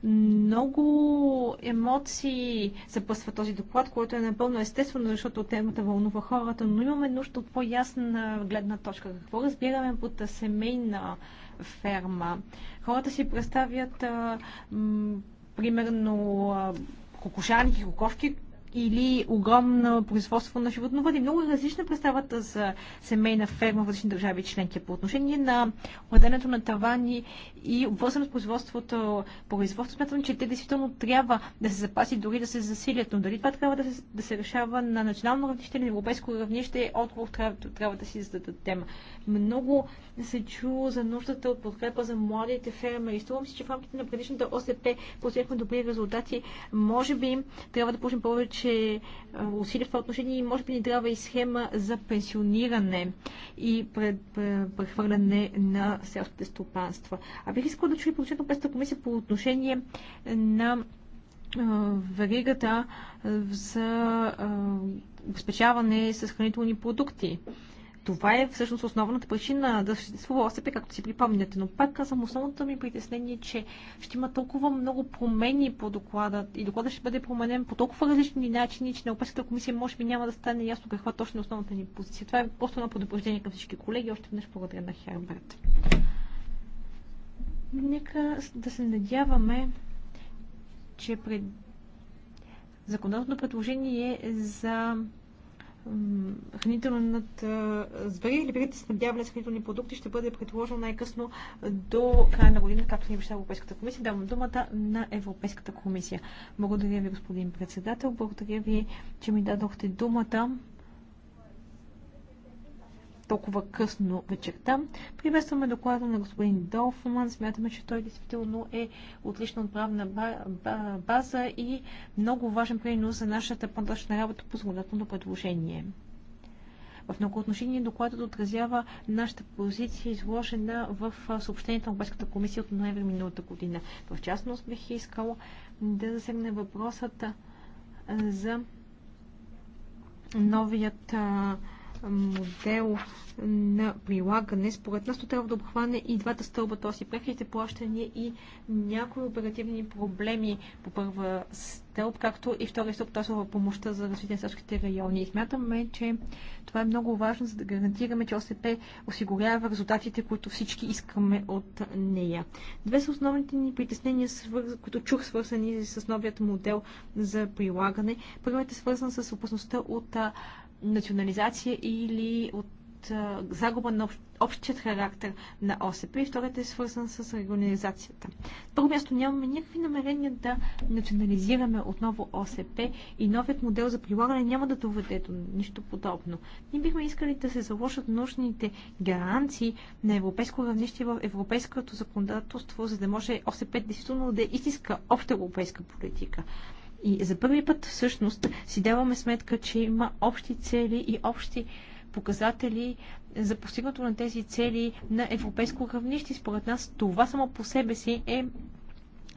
Много емоции съпъсва този доклад, който е напълно естествено, защото темата вълнува хората, но имаме нужда от по-ясна гледна точка. Какво разбираме под семейна ферма? Хората си представят примерно и кокошки, или огромно производство на животновъди. Много различна представата за семейна ферма в различни държави членки. По отношение на владенето на тавани и обвързано с производството, производство, смятам, че те действително трябва да се запаси, дори да се засилят. Но дали това трябва да се, да се решава на национално равнище или на европейско равнище, отговор трябва, трябва да си тема. Много се чу за нуждата от подкрепа за младите фермери. Струвам си, че в рамките на предишната ОСП постигнахме добри резултати. Може би трябва да получим повече повече усилия в това отношение и може би ни трябва и схема за пенсиониране и прехвърляне на селските стопанства. А бих искала да чуя получено през комисия по отношение на веригата за обезпечаване с хранителни продукти това е всъщност основната причина да съществува ОСП, както си припомняте. Но пак казвам, основното ми притеснение е, че ще има толкова много промени по доклада и докладът ще бъде променен по толкова различни начини, че на Европейската комисия може би няма да стане ясно каква точно е основната ни позиция. Това е просто едно предупреждение към всички колеги. Още веднъж благодаря на Херберт. Нека да се надяваме, че пред законодателното предложение е за Хранителният звери или верите снабдяване с хранителни продукти ще бъде предложено най-късно до края на година, както ни обеща Европейската комисия. Давам думата на Европейската комисия. Благодаря ви, господин председател. Благодаря ви, че ми дадохте думата толкова късно вечерта. Приветстваме доклада на господин Долфман. Смятаме, че той действително е отлична отправна база и много важен принос за нашата по работа по законодателно предложение. В много отношения, докладът отразява нашата позиция, изложена в съобщението на Обеската комисия от ноември миналата година. В частност бих искала да засегне въпросата за новият модел на прилагане. Според нас то трябва да обхване и двата стълба, т.е. преките плащания и някои оперативни проблеми по първа стълба стълб, както и втория стълб, т.е. помощта за развитие на селските райони. И смятаме, че това е много важно, за да гарантираме, че ОСП осигурява резултатите, които всички искаме от нея. Две са основните ни притеснения, които чух свързани с новият модел за прилагане. Първият е свързан с опасността от национализация или от от загуба на общият характер на ОСП и вторият е свързан с регионализацията. Първо място нямаме никакви намерения да национализираме отново ОСП и новият модел за прилагане няма да доведе до нищо подобно. Ние бихме искали да се заложат нужните гаранции на европейско равнище в европейското законодателство, за да може ОСП действително да е истинска обща европейска политика. И за първи път всъщност си даваме сметка, че има общи цели и общи показатели за постигнато на тези цели на европейско равнище. Според нас това само по себе си е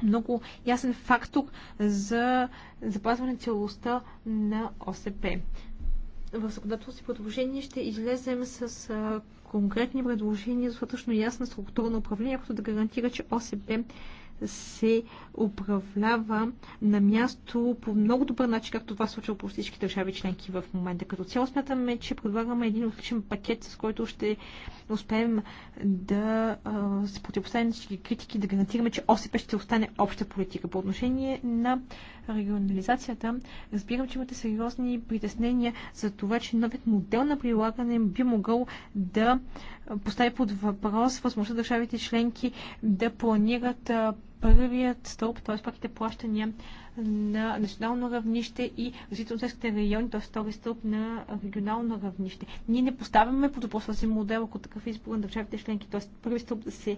много ясен фактор за запазване целостта на ОСП. В законодателство си предложение ще излезем с конкретни предложения, достатъчно ясна структура на управление, което да гарантира, че ОСП се управлява на място по много добър начин, както това случва по всички държави членки в момента. Като цяло смятаме, че предлагаме един отличен пакет, с който ще успеем да се противопоставим на всички критики, да гарантираме, че ОСП ще остане обща политика. По отношение на регионализацията, разбирам, че имате сериозни притеснения за това, че новият модел на прилагане би могъл да постави под въпрос възможността държавите членки да планират първият стълб, т.е. паките плащания на национално равнище и развитително-селските райони, т.е. втори стълб на регионално равнище. Ние не поставяме под въпрос този модел, ако такъв избор на държавите членки, т.е. първи стълб да се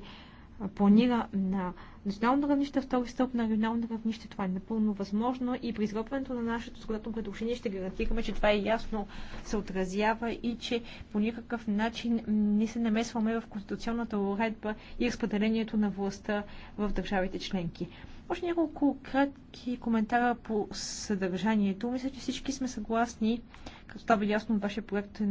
планира на национално равнище, втори стълб на регионално равнище. Това е напълно възможно и при изготвянето на нашето законодателно предложение ще гарантираме, че това е ясно се отразява и че по никакъв начин не се намесваме в конституционната уредба и разпределението на властта в държавите членки. Още няколко кратки коментара по съдържанието. Мисля, че всички сме съгласни, като става ясно от вашия проект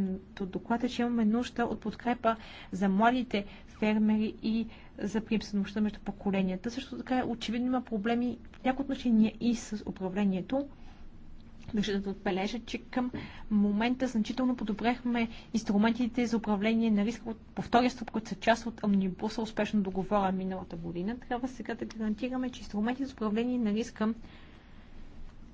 доклад, е, че имаме нужда от подкрепа за младите фермери и за приемствеността между поколенията. Също така очевидно има проблеми в някои отношения и с управлението. Държа да отбележа, че към момента значително подобряхме инструментите за управление на риска от повторя стъп, които са част от амнибуса, успешно договора миналата година. Трябва сега да гарантираме, че инструментите за управление на риска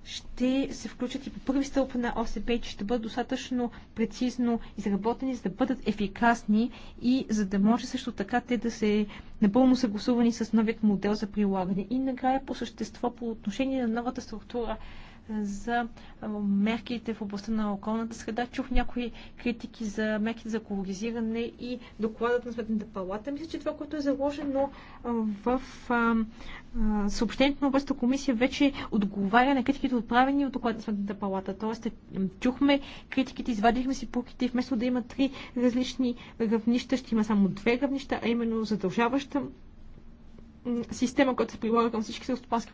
ще се включат и по първи стълб на ОСП, че ще бъдат достатъчно прецизно изработени, за да бъдат ефикасни и за да може също така те да се напълно съгласувани с новият модел за прилагане. И накрая по същество, по отношение на новата структура за мерките в областта на околната среда. Чух някои критики за мерките за екологизиране и докладът на Сметната палата. Мисля, че това, което е заложено в съобщението на областта комисия, вече отговаря на критиките отправени от доклада на Сметната палата. Тоест, е, чухме критиките, извадихме си пуките и вместо да има три различни равнища, ще има само две равнища, а именно задължаваща система, която се прилага към всички селскостопански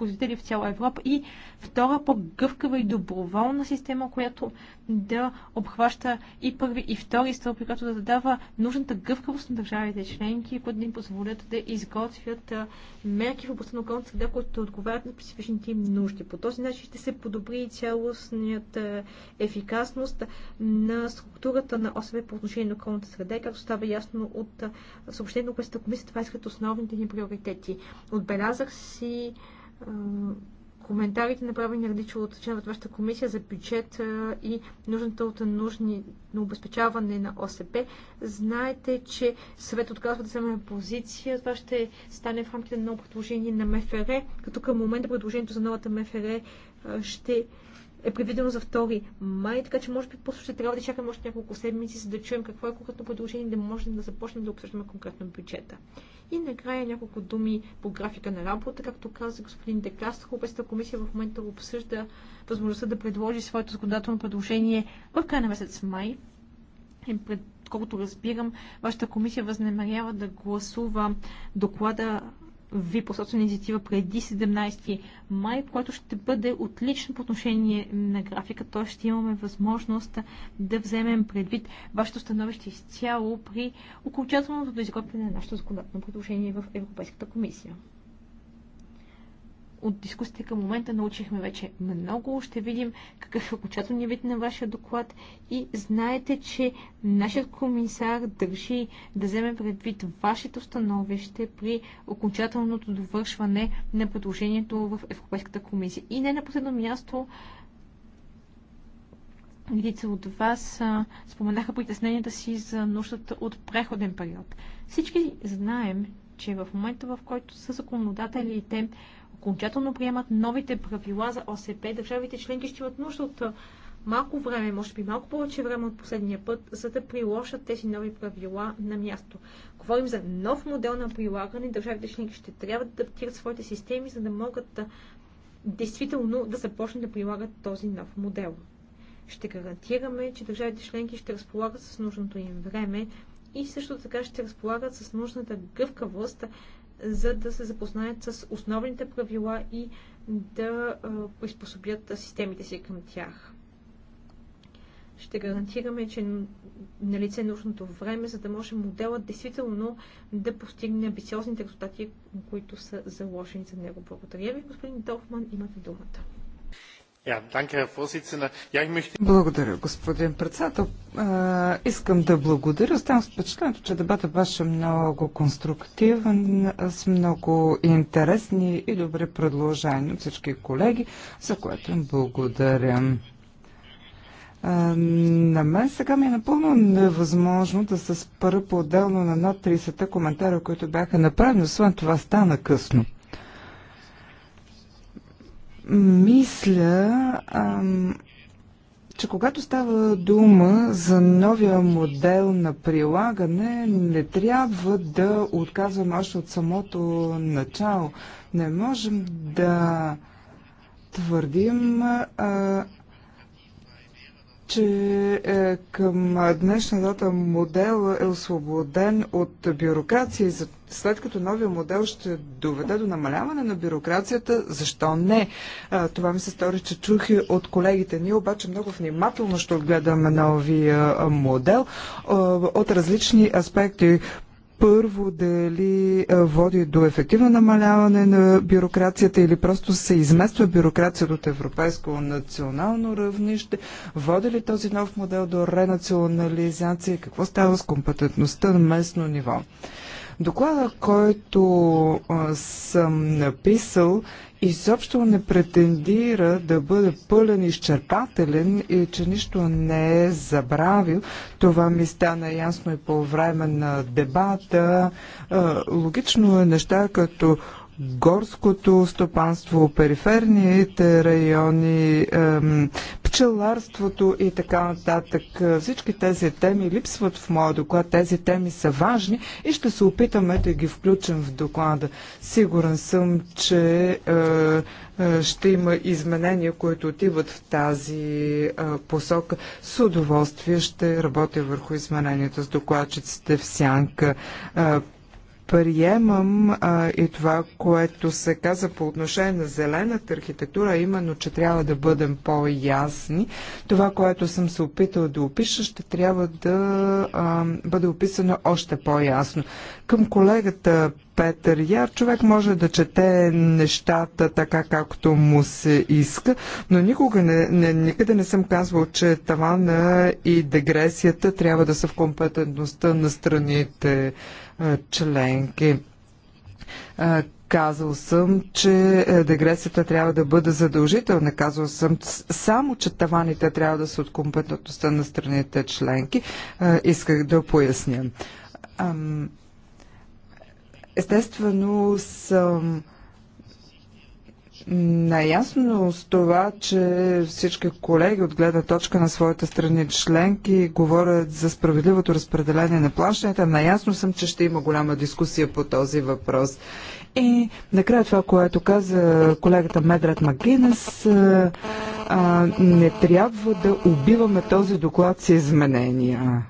производители в цяла Европа и втора по-гъвкава и доброволна система, която да обхваща и първи и втори стълб, която да дава нужната гъвкавост на държавите членки, които да им позволят да изготвят мерки в областта на околната среда, които отговарят на специфичните им нужди. По този начин ще се подобри и цялостният ефикасност на структурата на ОСВ по отношение на околната среда както става ясно от съобщението на комисията това искат е основните ни приоритети. Отбелязах си коментарите, направени различно от членът от вашата комисия за бюджет и нужната от нужни на обезпечаване на ОСП. Знаете, че съвет отказва да вземе позиция. Това ще стане в рамките на ново предложение на МФР, като към момента предложението за новата МФР ще е предвидено за 2 май, така че може би просто ще трябва да чакаме още няколко седмици, за да чуем какво е конкретно предложение, да можем да започнем да обсъждаме конкретно бюджета. И накрая няколко думи по графика на работа. Както каза господин Декаст, Европейската комисия в момента обсъжда възможността да предложи своето законодателно предложение в края на месец май. И пред, колкото разбирам, вашата комисия възнамерява да гласува доклада ви по инициатива преди 17 май, което ще бъде отлично по отношение на графика, т.е. ще имаме възможност да вземем предвид вашето становище изцяло при окончателното изготвяне на нашето законодателно предложение в Европейската комисия от дискусията към момента научихме вече много. Ще видим какъв е окончателният вид на вашия доклад и знаете, че нашият комисар държи да вземе предвид вашето становище при окончателното довършване на предложението в Европейската комисия. И не на последно място, Лица от вас а, споменаха притесненията си за нуждата от преходен период. Всички знаем, че в момента, в който са законодателите окончателно приемат новите правила за ОСП, държавите членки ще имат нужда от малко време, може би малко повече време от последния път, за да приложат тези нови правила на място. Говорим за нов модел на прилагане. Държавите членки ще трябва да адаптират своите системи, за да могат да, действително да започнат да прилагат този нов модел. Ще гарантираме, че държавите членки ще разполагат с нужното им време и също така ще разполагат с нужната гъвкавост, за да се запознаят с основните правила и да приспособят системите си към тях. Ще гарантираме, че е налице е нужното време, за да може моделът действително да постигне амбициозните резултати, които са заложени за него. Благодаря ви, господин Долфман, имате думата. Благодаря, господин председател. искам да благодаря. Оставам с впечатлението, че дебатът беше много конструктивен, с много интересни и добри предложения от всички колеги, за което им благодаря. На мен сега ми е напълно невъзможно да се спра по-отделно на над 30-те коментара, които бяха направени. Освен това стана късно. Мисля, ам, че когато става дума за новия модел на прилагане, не трябва да отказваме още от самото начало. Не можем да твърдим, а, че е, към днешна дата модел е освободен от бюрокрация. След като новия модел ще доведе до намаляване на бюрокрацията, защо не? Е, това ми се стори, че чух и от колегите. Ние обаче много внимателно ще отгледаме новия модел е, от различни аспекти първо дали води до ефективно намаляване на бюрокрацията или просто се измества бюрокрацията от европейско национално равнище? Води ли този нов модел до ренационализация? Какво става с компетентността на местно ниво? Доклада, който а, съм написал, изобщо не претендира да бъде пълен, изчерпателен и че нищо не е забравил. Това ми стана ясно и по време на дебата. А, логично е неща като горското стопанство, периферните райони, пчеларството и така нататък. Всички тези теми липсват в моя доклад. Тези теми са важни и ще се опитаме да ги включим в доклада. Сигурен съм, че е, е, ще има изменения, които отиват в тази е, посока. С удоволствие ще работя върху измененията с докладчиците в сянка приемам а, и това, което се каза по отношение на зелената архитектура, именно, че трябва да бъдем по-ясни. Това, което съм се опитал да опиша, ще трябва да а, бъде описано още по-ясно. Към колегата Петър Яр, човек може да чете нещата така, както му се иска, но никога не, не, никъде не съм казвал, че тавана и дегресията трябва да са в компетентността на страните членки. Казал съм, че е, дегресията трябва да бъде задължителна. Казал съм само, че таваните трябва да са от компетентността на страните членки. Исках да поясня. Естествено съм наясно с това, че всички колеги от гледна точка на своите страни членки говорят за справедливото разпределение на плащанията. Наясно съм, че ще има голяма дискусия по този въпрос. И накрая това, което каза колегата Медрат Магинес, не трябва да убиваме този доклад с изменения.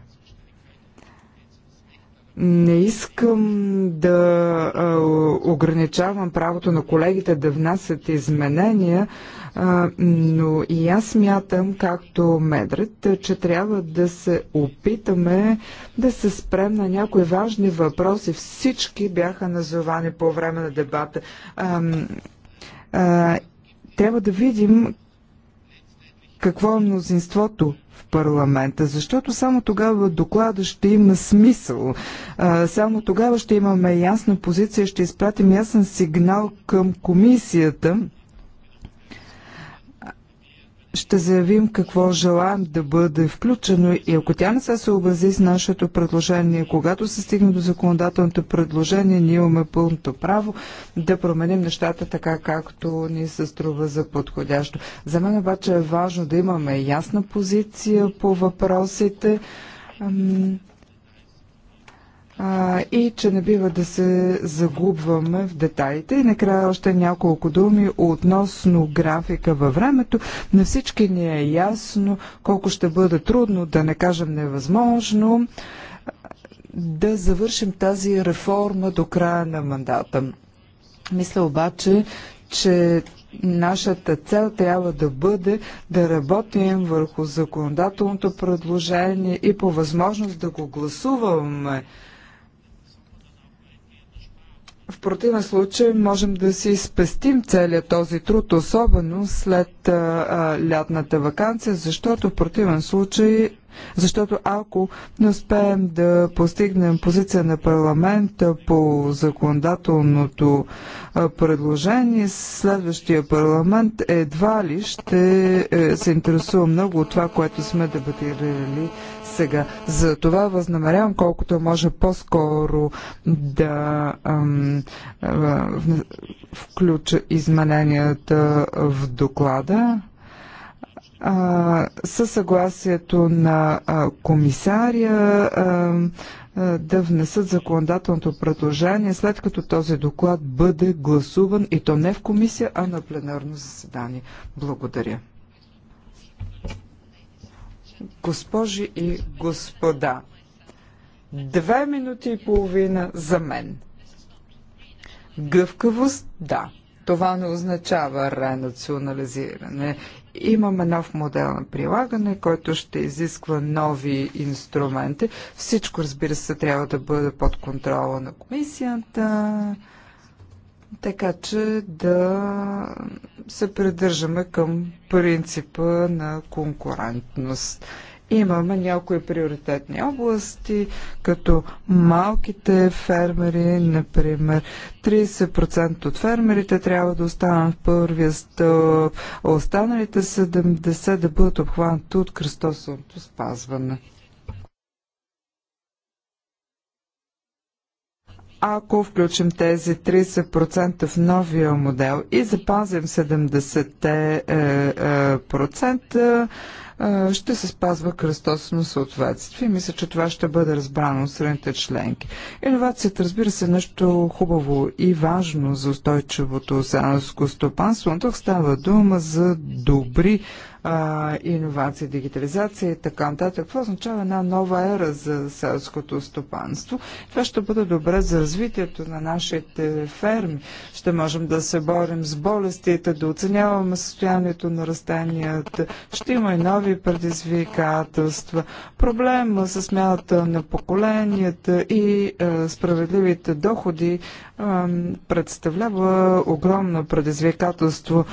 Не искам да а, ограничавам правото на колегите да внасят изменения, а, но и аз смятам, както Медред, че трябва да се опитаме да се спрем на някои важни въпроси. Всички бяха назовани по време на дебата. А, а, трябва да видим какво е мнозинството в парламента, защото само тогава доклада ще има смисъл. Само тогава ще имаме ясна позиция, ще изпратим ясен сигнал към комисията ще заявим какво желаем да бъде включено и ако тя не се съобрази с нашето предложение, когато се стигне до законодателното предложение, ние имаме пълното право да променим нещата така, както ни се струва за подходящо. За мен обаче е важно да имаме ясна позиция по въпросите а, и че не бива да се загубваме в детайлите. И накрая още няколко думи относно графика във времето. На всички ни е ясно колко ще бъде трудно, да не кажем невъзможно, да завършим тази реформа до края на мандата. Мисля обаче, че нашата цел трябва да бъде да работим върху законодателното предложение и по възможност да го гласуваме в противен случай можем да си спестим целият този труд, особено след а, а, лятната вакансия, защото в противен случай, защото ако не успеем да постигнем позиция на парламента по законодателното а, предложение, следващия парламент едва ли ще е, се интересува много от това, което сме дебатирали сега. За това възнамерявам колкото може по-скоро да ам, включа измененията в доклада със съгласието на комисаря да внесат законодателното предложение, след като този доклад бъде гласуван и то не в комисия, а на пленарно заседание. Благодаря. Госпожи и господа, две минути и половина за мен. Гъвкавост – да. Това не означава ренационализиране. Имаме нов модел на прилагане, който ще изисква нови инструменти. Всичко, разбира се, трябва да бъде под контрола на комисията така че да се придържаме към принципа на конкурентност. Имаме някои приоритетни области, като малките фермери, например. 30% от фермерите трябва да останат в първия стълб, а останалите 70% да бъдат обхванати от кръстосовото спазване. ако включим тези 30% в новия модел и запазим 70%, е, е, е, ще се спазва кръстосно съответствие. Мисля, че това ще бъде разбрано от страните членки. Иновацията, разбира се, е нещо хубаво и важно за устойчивото селско стопанство, но тук става дума за добри а, иновации, дигитализация и така нататък. Това означава една нова ера за селското стопанство. Това ще бъде добре за развитието на нашите ферми. Ще можем да се борим с болестите, да оценяваме състоянието на растенията. Ще има и нови предизвикателства. Проблема с смяната на поколенията и а, е, справедливите доходи а, представлява огромно предизвикателство.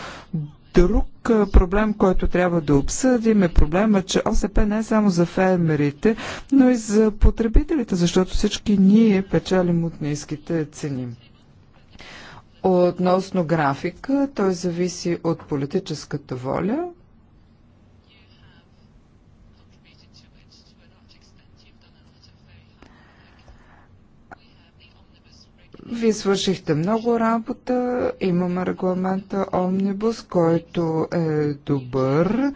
Друг проблем, който трябва да обсъдим е проблема, че ОСП не е само за фермерите, но и за потребителите, защото всички ние печелим от ниските цени. Относно графика, той зависи от политическата воля Вие свършихте много работа. Имаме регламента Омнибус, който е добър.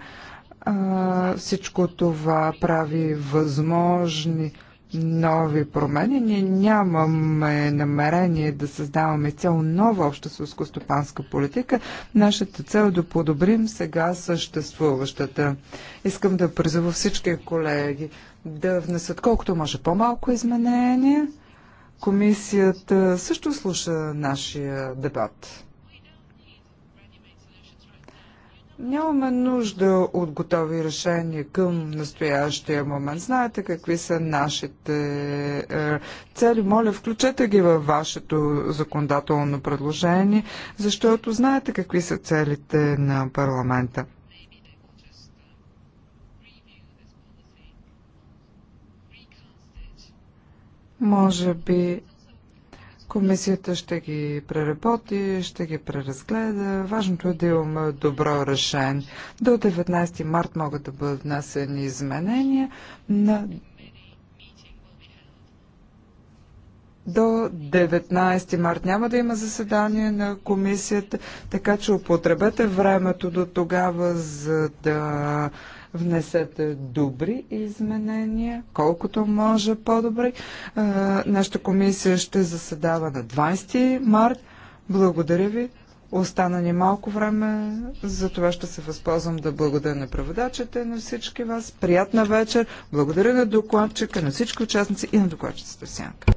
А, всичко това прави възможни нови промени. Ние нямаме намерение да създаваме цяло нова обща селско-стопанска политика. Нашата цел е да подобрим сега съществуващата. Искам да призова всички колеги да внесат колкото може по-малко изменения – Комисията също слуша нашия дебат. Нямаме нужда от готови решения към настоящия момент. Знаете какви са нашите е, цели. Моля, включете ги във вашето законодателно предложение, защото знаете какви са целите на парламента. Може би комисията ще ги преработи, ще ги преразгледа. Важното е да имаме добро решение. До 19 март могат да бъдат внасени изменения на до 19 март няма да има заседание на комисията, така че употребете времето до тогава, за да внесете добри изменения, колкото може по-добри. Нашата комисия ще заседава на 20 март. Благодаря ви. Остана ни малко време, за това ще се възползвам да благодаря на преводачите, на всички вас. Приятна вечер. Благодаря на докладчика, на всички участници и на докладчицата Сянка.